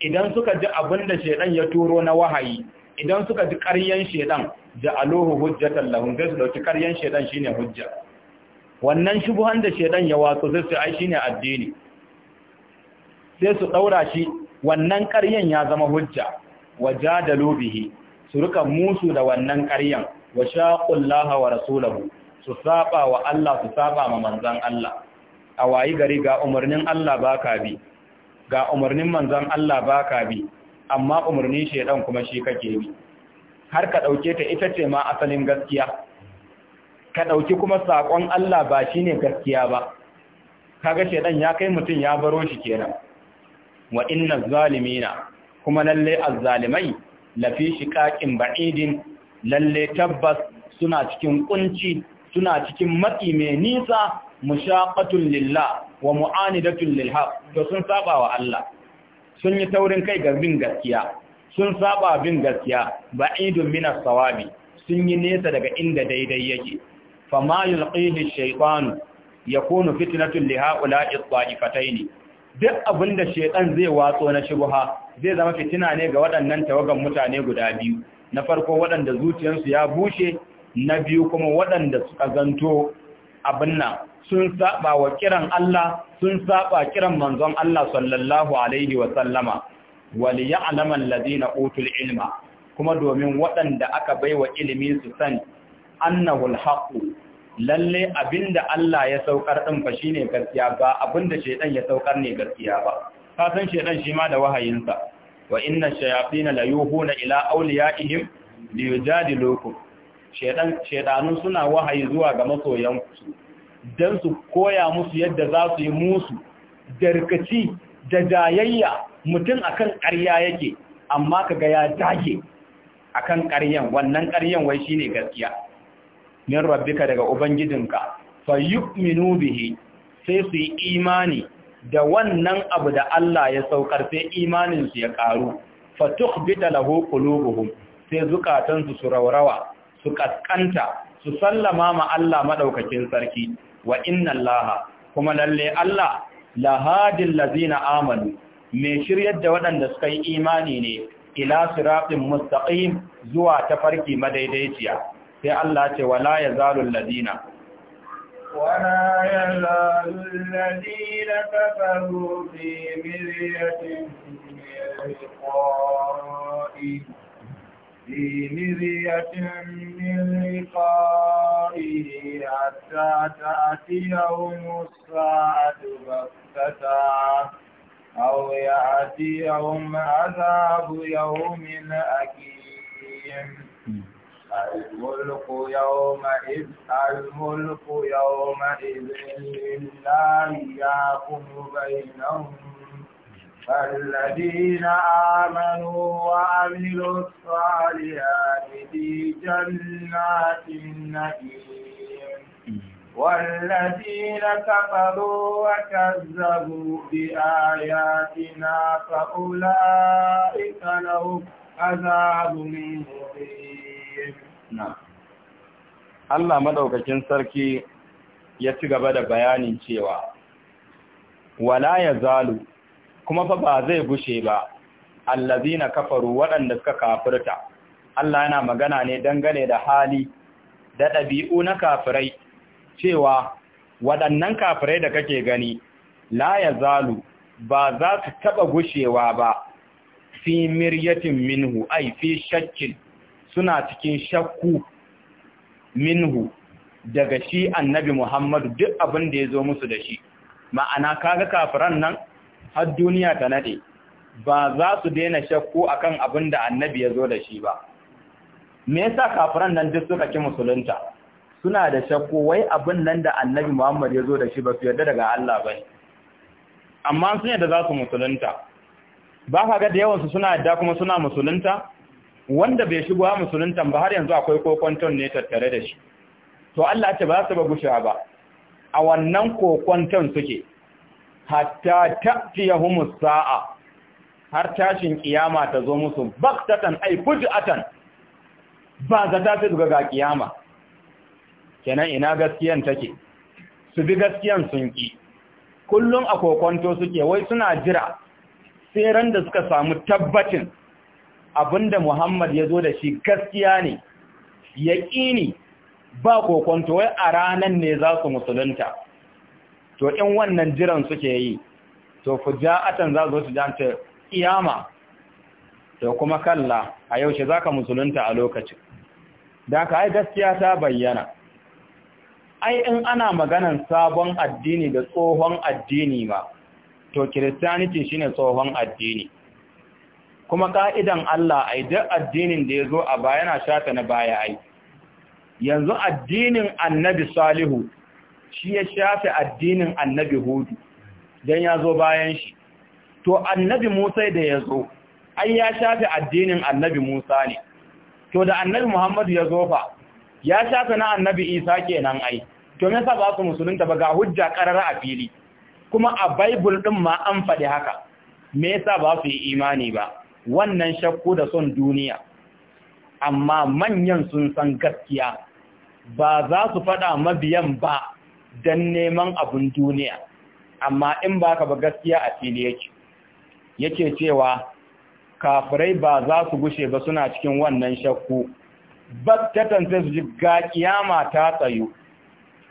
idan suka ji abinda shaytan ya turo na wahayi idan suka ji ƙaryan shaytan ja'aluhu hujjatan lahum sai su dauki ƙaryan shaytan shine hujja wannan shubuhan da shaytan ya watsu sai su ai ne addini sai su daura shi wannan ƙaryan ya zama hujja da bihi su rika musu da wannan ƙaryan wa shaqullaha wa rasulahu su saba wa Allah su saba ma manzan Allah a wayi gari ga umarnin Allah ba ka bi ga umarnin manzan Allah ba ka bi amma umarnin shaidan kuma shi kake bi har ka ɗauke ta ita ce ma asalin gaskiya ka ɗauki kuma saƙon Allah ba shi ne gaskiya ba kaga shaidan ya kai mutum ya baro shi kenan wa inna zalimina kuma lalle azzalimai lafi shiqaqin ba'idin lalle tabbas suna cikin kunci suna cikin matsi mai nisa mushaqatul lillah wa mu'anidatun lilhaq to sun saba wa Allah sun yi taurin kai ga bin gaskiya sun saba bin gaskiya ba'idun min as-sawabi sun yi nesa daga inda daidai yake fama yulqihi ash-shaytan yakunu fitnatun li ha'ula'i at-ta'ifatayn duk abinda shaytan zai watso na shubha zai zama fitina ne ga waɗannan tawagan mutane guda biyu na farko waɗanda zuciyarsu ya bushe na biyu kuma waɗanda suka zanto abin nan sun saba wa kiran Allah sun saba kiran manzon Allah sallallahu alaihi wa sallama wali ya'lamu alladhina utul ilma kuma domin waɗanda aka baiwa ilimi su sani annahu alhaqu lalle abinda Allah ya saukar din fa shine gaskiya ba abinda shedan ya saukar ne gaskiya ba ka san shedan shi ma da wahayinsa wa inna shayatin la yuhuna ila awliyaihim liyujadilukum shedanun suna wahayi zuwa ga masoyansu don su koya musu yadda za su yi musu darkaci da jayayya mutum akan ƙarya yake amma kaga ya dage akan ƙaryan wannan ƙaryan wai shine gaskiya min rabbika daga ubangijinka fa yu'minu bihi sai su yi imani da wannan abu da Allah ya saukar sai imanin su ya karu fa tukhbita lahu qulubuhum sai zukatansu su raurawa su kaskanta su sallama ma Allah maɗaukacin sarki wa inna Allah kuma lalle Allah Lahadin lazina amanu mai shiryar da waɗanda suka yi imani ne ila siratin mustaqim zuwa farki madaidaiciya sai Allah ce wala yazalul ladina ولا يزال الذين كفروا في مرية من لقائه في مرية من لقائه حتى تأتيهم الساعة بغتة أو يأتيهم عذاب يوم أكيم الملك يومئذ الملك يومئذ لله يحكم بينهم فالذين آمنوا وعملوا الصالحات في جنات النعيم والذين كفروا وكذبوا بآياتنا فأولئك لهم عذاب مهين نعم Allah madaukakin sarki ya ci gaba da bayanin cewa wala ya zalu kuma fa ba zai gushe ba allazina kafaru waɗanda suka kafirta Allah yana magana ne dangane da hali da ɗabi'u na kafirai cewa waɗannan kafirai da kake gani la ya zalu ba za su taɓa gushewa ba fi miryatin minhu ai fi shakkin suna cikin shakku minhu daga shi annabi Muhammadu duk abin da ya zo musu da shi ma'ana kaga kafiran nan har duniya ta nade ba za su daina shakku akan abin da annabi ya zo da shi ba me yasa kafiran nan duk suka ki musulunta suna da shakku wai abin nan da annabi Muhammad ya zo da shi ba su yarda daga Allah ba amma sun yarda za su musulunta ba ka ga da yawansu suna yarda kuma suna musulunta wanda bai shigo ha musuluntan ba har yanzu akwai kokonton ne tattare da shi to Allah ce ba su ba gushewa ba a wannan kokonton suke hatta ta'tiyahumus sa'a har tashin kiyama ta zo musu baktatan ay fujatan ba za ta daga ga kiyama kenan ina gaskiyan take su bi gaskiyan sun ki kullum a kokonto suke wai suna jira sai ran da suka samu tabbacin abinda Muhammad ya zo da shi gaskiya ne yaƙini ba kokonto wai a ranan ne za su musulunta to in wannan jiran suke yi to fuja'atan za zo su janta kiyama to kuma kalla a yaushe zaka musulunta a lokacin da ka ai gaskiya ta bayyana ai in ana maganan sabon addini da tsohon addini ba to christianity shine tsohon addini kuma ka'idan Allah ai duk addinin da yazo a baya yana shata na baya ai yanzu addinin annabi salihu shi ya shafe addinin annabi hudu don ya zo bayan shi to annabi musa da ya zo ai ya shafe addinin annabi musa ne to da annabi muhammadu ya zo fa ya shafe na annabi isa kenan ai to me yasa ba su musulunta ba ga hujja karara a fili kuma a bible din ma an faɗi haka me sa ba su yi imani ba wannan shakku da son duniya amma manyan sun san gaskiya ba za su faɗa mabiyan ba Dan neman abin duniya amma in ba ka ba gaskiya a fili yake yake cewa kafirai ba za su gushe ba suna cikin wannan shakku ta sai su ga kiyama ta tsayu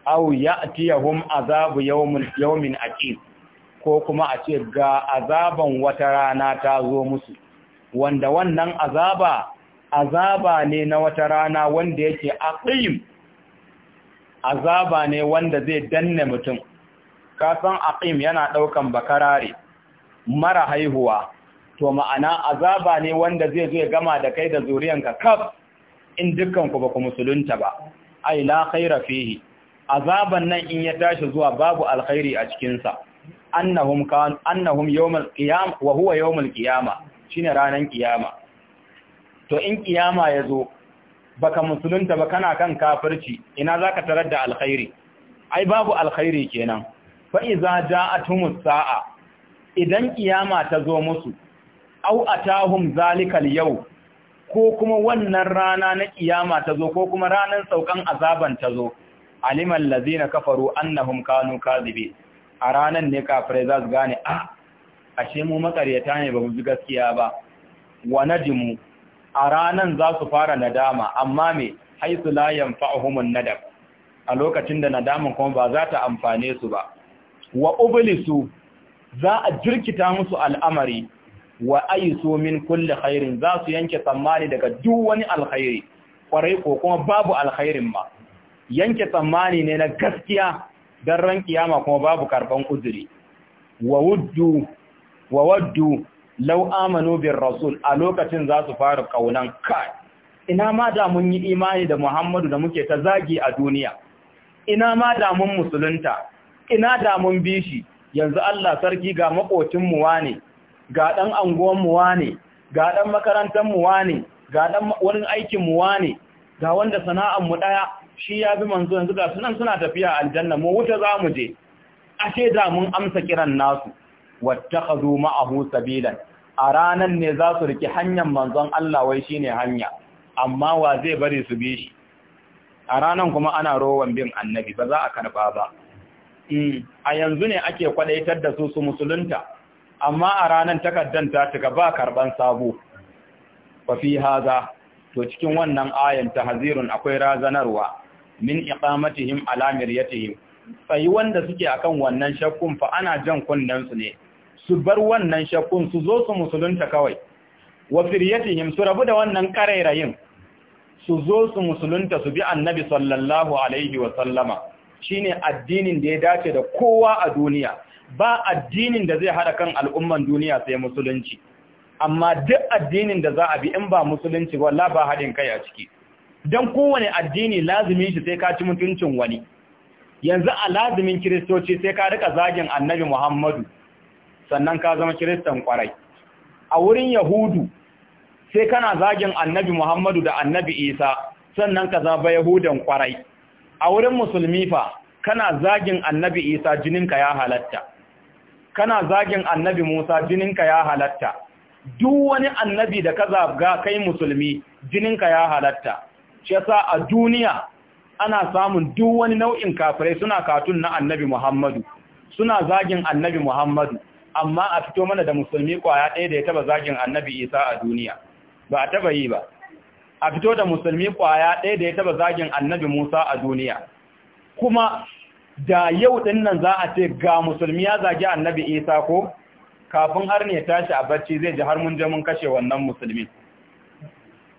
au ya'tiyahum azabu yaumin yawmin ko kuma a ce ga azaban wata rana ta zo musu wanda wannan azaba azaba ne na wata rana wanda yake aqim azaba ne wanda zai danne mutum kasan aqim yana ɗaukan bakarare mara haihuwa to ma'ana azaba ne wanda zai zo ya gama da kai da zuriyanka kaf in dukkan ba ku musulunta ba ai la khaira fihi azaban nan in ya tashi zuwa babu alkhairi a cikinsa. sa annahum kan annahum yawmal qiyam wa huwa shine ranan qiyama to in qiyama yazo baka musulunta ba kana kan kafirci ina zaka tarar da alkhairi ai babu alkhairi kenan fa iza ja'atumus sa'a idan kiyama ta zo musu au atahum zalikal yau ko kuma wannan rana na kiyama ta zo ko kuma ranar saukan azaban ta zo aliman lazina kafaru annahum kanu kadibi a ranan ne kafirai za gane a ah, ashe mu makaryata ne ba mu ji gaskiya ba wa najimu a ranan za su fara nadama amma mai haisu layan fa’ahumun nadab a lokacin da nadaman kuma ba za ta amfane su ba wa ubulisu za a jirkita musu al'amari wa aiso min kulle hairin za su yanke tsammani daga duk wani alhairi kwarai ko kuma babu alhairin ma yanke tsammani ne na gaskiya don ran kiyama kuma babu karban uzuri wa wa waddu lau amanu bin rasul a lokacin za su fara kaunan kai ina ma da mun yi imani da muhammadu da muke ta zagi a duniya ina ma da mun musulunta ina da mun bishi yanzu Allah sarki ga makocinmu wane ga ɗan anguwanmu wane ga ɗan makarantarmu wane ga ɗan wurin aikinmu wane ga wanda sana'anmu ɗaya shi ya bi manzo yanzu ga sunan suna tafiya aljanna mu wuta za mu je ashe da mun amsa kiran nasu wattakhadhu ma'ahu sabilan a ranan ne za su riki hanyar manzon Allah wai shine hanya amma wa zai bari su bi shi a kuma ana rowan bin annabi ba za a karba ba hmm, a yanzu ne ake kwadaitar da su su musulunta amma a ranan takaddan ta tuka ba karban sabo fa fi haza to cikin wannan ayan tahzirun akwai razanarwa min iqamatihim ala miryatihim sai wanda suke akan wannan shakkun fa ana jan kunnan su ne su bar wannan shakkun su zo su musulunta kawai wa firyatihim su rabu da wannan karairayin su zo su musulunta su bi annabi sallallahu alaihi wa sallama shine addinin da ya dace da kowa a duniya ba addinin da zai hada kan al'umman duniya sai musulunci amma duk addinin da za a bi in ba musulunci walla ba hadin kai a ciki dan kowane addini lazumi shi sai ka ci mutuncin wani yanzu a lazumin kiristoci sai ka rika zagin annabi muhammadu sannan ka zama kiristan kwarai a wurin yahudu sai kana zagin annabi muhammadu da annabi isa sannan ka zaba yahudan kwarai a wurin musulmi fa kana zagin annabi isa jininka ya halatta kana zagin annabi musa jininka ya halatta duk wani annabi da ka zaga kai musulmi jinin ka ya halatta shi yasa a duniya ana samun duk wani nau'in kafirai suna katun na annabi muhammadu suna zagin annabi muhammadu amma a fito mana da musulmi kwaya ɗaya da ya taba zagin annabi isa a duniya ba a taba yi ba a fito da musulmi kwaya ɗaya da ya taba zagin annabi musa a duniya kuma da yau ɗin nan za a ce ga musulmi ya zagi annabi isa ko kafin har ne tashi a bacci zai ji har mun je mun kashe wannan musulmi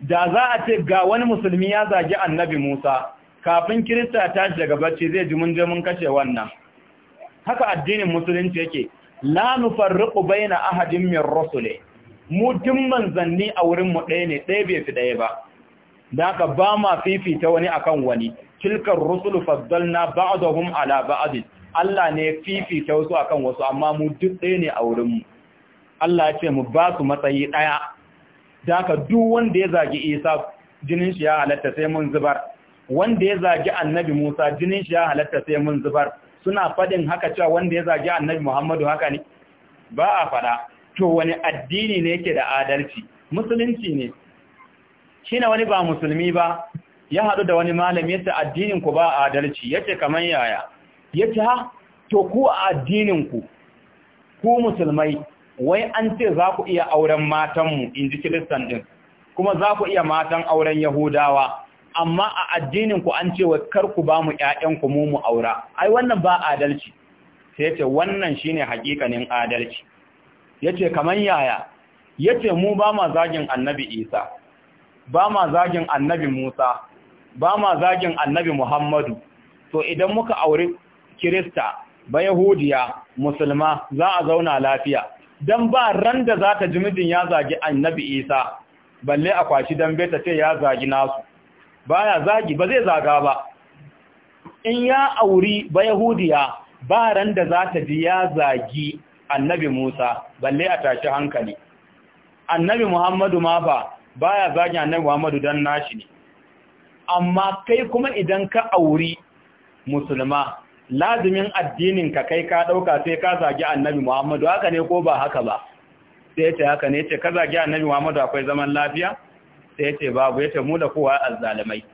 da za a ce ga wani musulmi ya zagi annabi musa kafin kirista tashi daga bacci zai ji mun je mun kashe wannan haka addinin musulunci yake la nufarriqu baina ahadin min rusuli mu duk manzanni a wurin mu ɗaya ne ɗaya bai fi ɗaya ba da ka ba ma fifita wani akan wani tilkar rusulu faddalna ba'dahum ala ba'd Allah ne fifita wasu akan wasu amma mu duk ɗaya ne a wurin mu Allah ya ce mu ba su matsayi ɗaya da ka duk wanda ya zagi Isa jinin shi ya halatta sai mun zubar wanda ya zagi Annabi Musa jinin shi ya halatta sai mun zubar suna fadin haka cewa wanda ya zagi annabi Muhammadu haka ne ba a fada to wani addini ne yake da adalci musulunci ne shine wani ba musulmi ba ya hadu da wani malami yace addinin ku ba adalci yace kaman yaya yace ha to ku addinin ku ku musulmai wai an ce za ku iya auren matanmu in ji kiristan din kuma za ku iya matan auren yahudawa amma a addinin ku an ce wa kar ku ba mu ƴaƴan ku mu aura ai wannan ba adalci sai yace wannan shine hakikanin adalci yace kaman yaya yace mu ba ma zagin annabi Isa ba ma zagin annabi Musa ba ma zagin annabi Muhammadu to idan muka aure Kirista ba Yahudiya musulma za a zauna lafiya dan ba ran da za ta ji mijin ya zagi annabi Isa balle a kwashi dambe ta ce ya zagi nasu baya zagi ba zai zaga ba in ya auri ba yahudiya ba ran da za ta ji ya zagi annabi musa balle a tashi hankali annabi muhammadu ma ba baya zagi annabi muhammadu don nashi ne amma kai kuma idan ka auri musulma lazimin addinin ka kai ka ɗauka sai ka zagi annabi muhammadu haka ne ko ba haka ba sai ta haka ne ce ka zagi annabi muhammadu akwai zaman lafiya sai ya ce babu ya ce mu da kowa azzalimai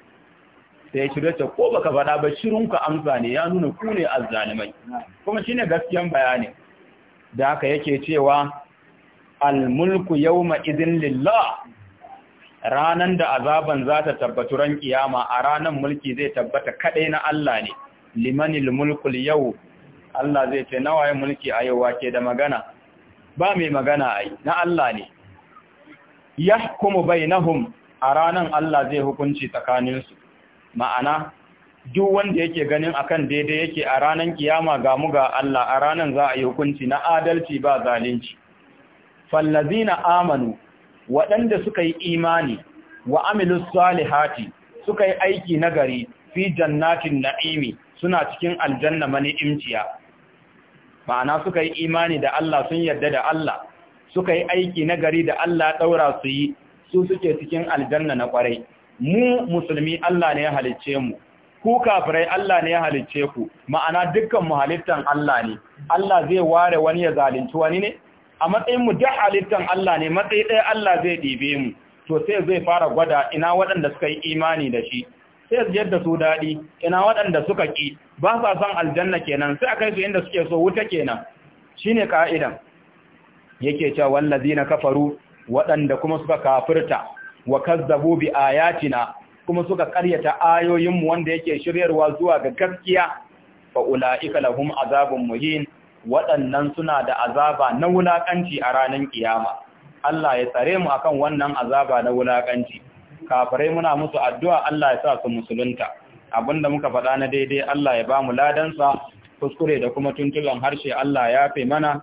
sai ya shirya ce ko baka faɗa ba shirunka amsa ne ya nuna ku ne azzalimai kuma shine gaskiyan bayani da haka yake cewa almulku yawma idin lillah ranan da azaban za ta tabbatu ran kiyama a ranan mulki zai tabbata kaɗai na Allah ne limanil mulkul yau Allah zai ce nawaye mulki a yau wake da magana ba mai magana ai na Allah ne yahkumu bainahum a ranan Allah zai hukunci tsakaninsu ma'ana duk wanda yake ganin akan daidai yake a ranan kiyama ga muga ga Allah a ranan za a yi hukunci na adalci ba zalunci fallazina amanu waɗanda suka yi imani wa amilus salihati suka yi aiki nagari fi jannatin na'imi suna cikin aljanna mani'imciya ma'ana suka yi imani da Allah sun yarda da Allah suka yi aiki na gari da Allah ɗaura su yi su suke cikin aljanna na ƙwarai mu musulmi Allah ne ya halicce mu ku kafirai Allah ne ya halicce ku ma'ana dukkan mu halittan Allah ne Allah zai ware wani ya zalunci wani ne a matsayin mu duk halittan Allah ne matsayi ɗaya Allah zai ɗibe mu to sai zai fara gwada ina waɗanda suka yi imani da shi sai su yadda su daɗi ina waɗanda suka ƙi ba sa son aljanna kenan sai a kai su inda suke so wuta kenan Shi ne ka'idan yake cewa wallazina kafaru waɗanda kuma suka kafirta wa kazzabu bi ayatina kuma suka karyata ayoyinmu wanda yake shiryarwa zuwa ga gaskiya fa ulaika lahum azabun muhin waɗannan suna da azaba na wulakanci a ranar kiyama Allah ya tsare mu akan wannan azaba na wulakanci kafirai muna musu addu'a Allah ya sa su musulunta abinda muka faɗa na daidai Allah ya ba mu ladansa kuskure da kuma tuntulan harshe Allah ya fe mana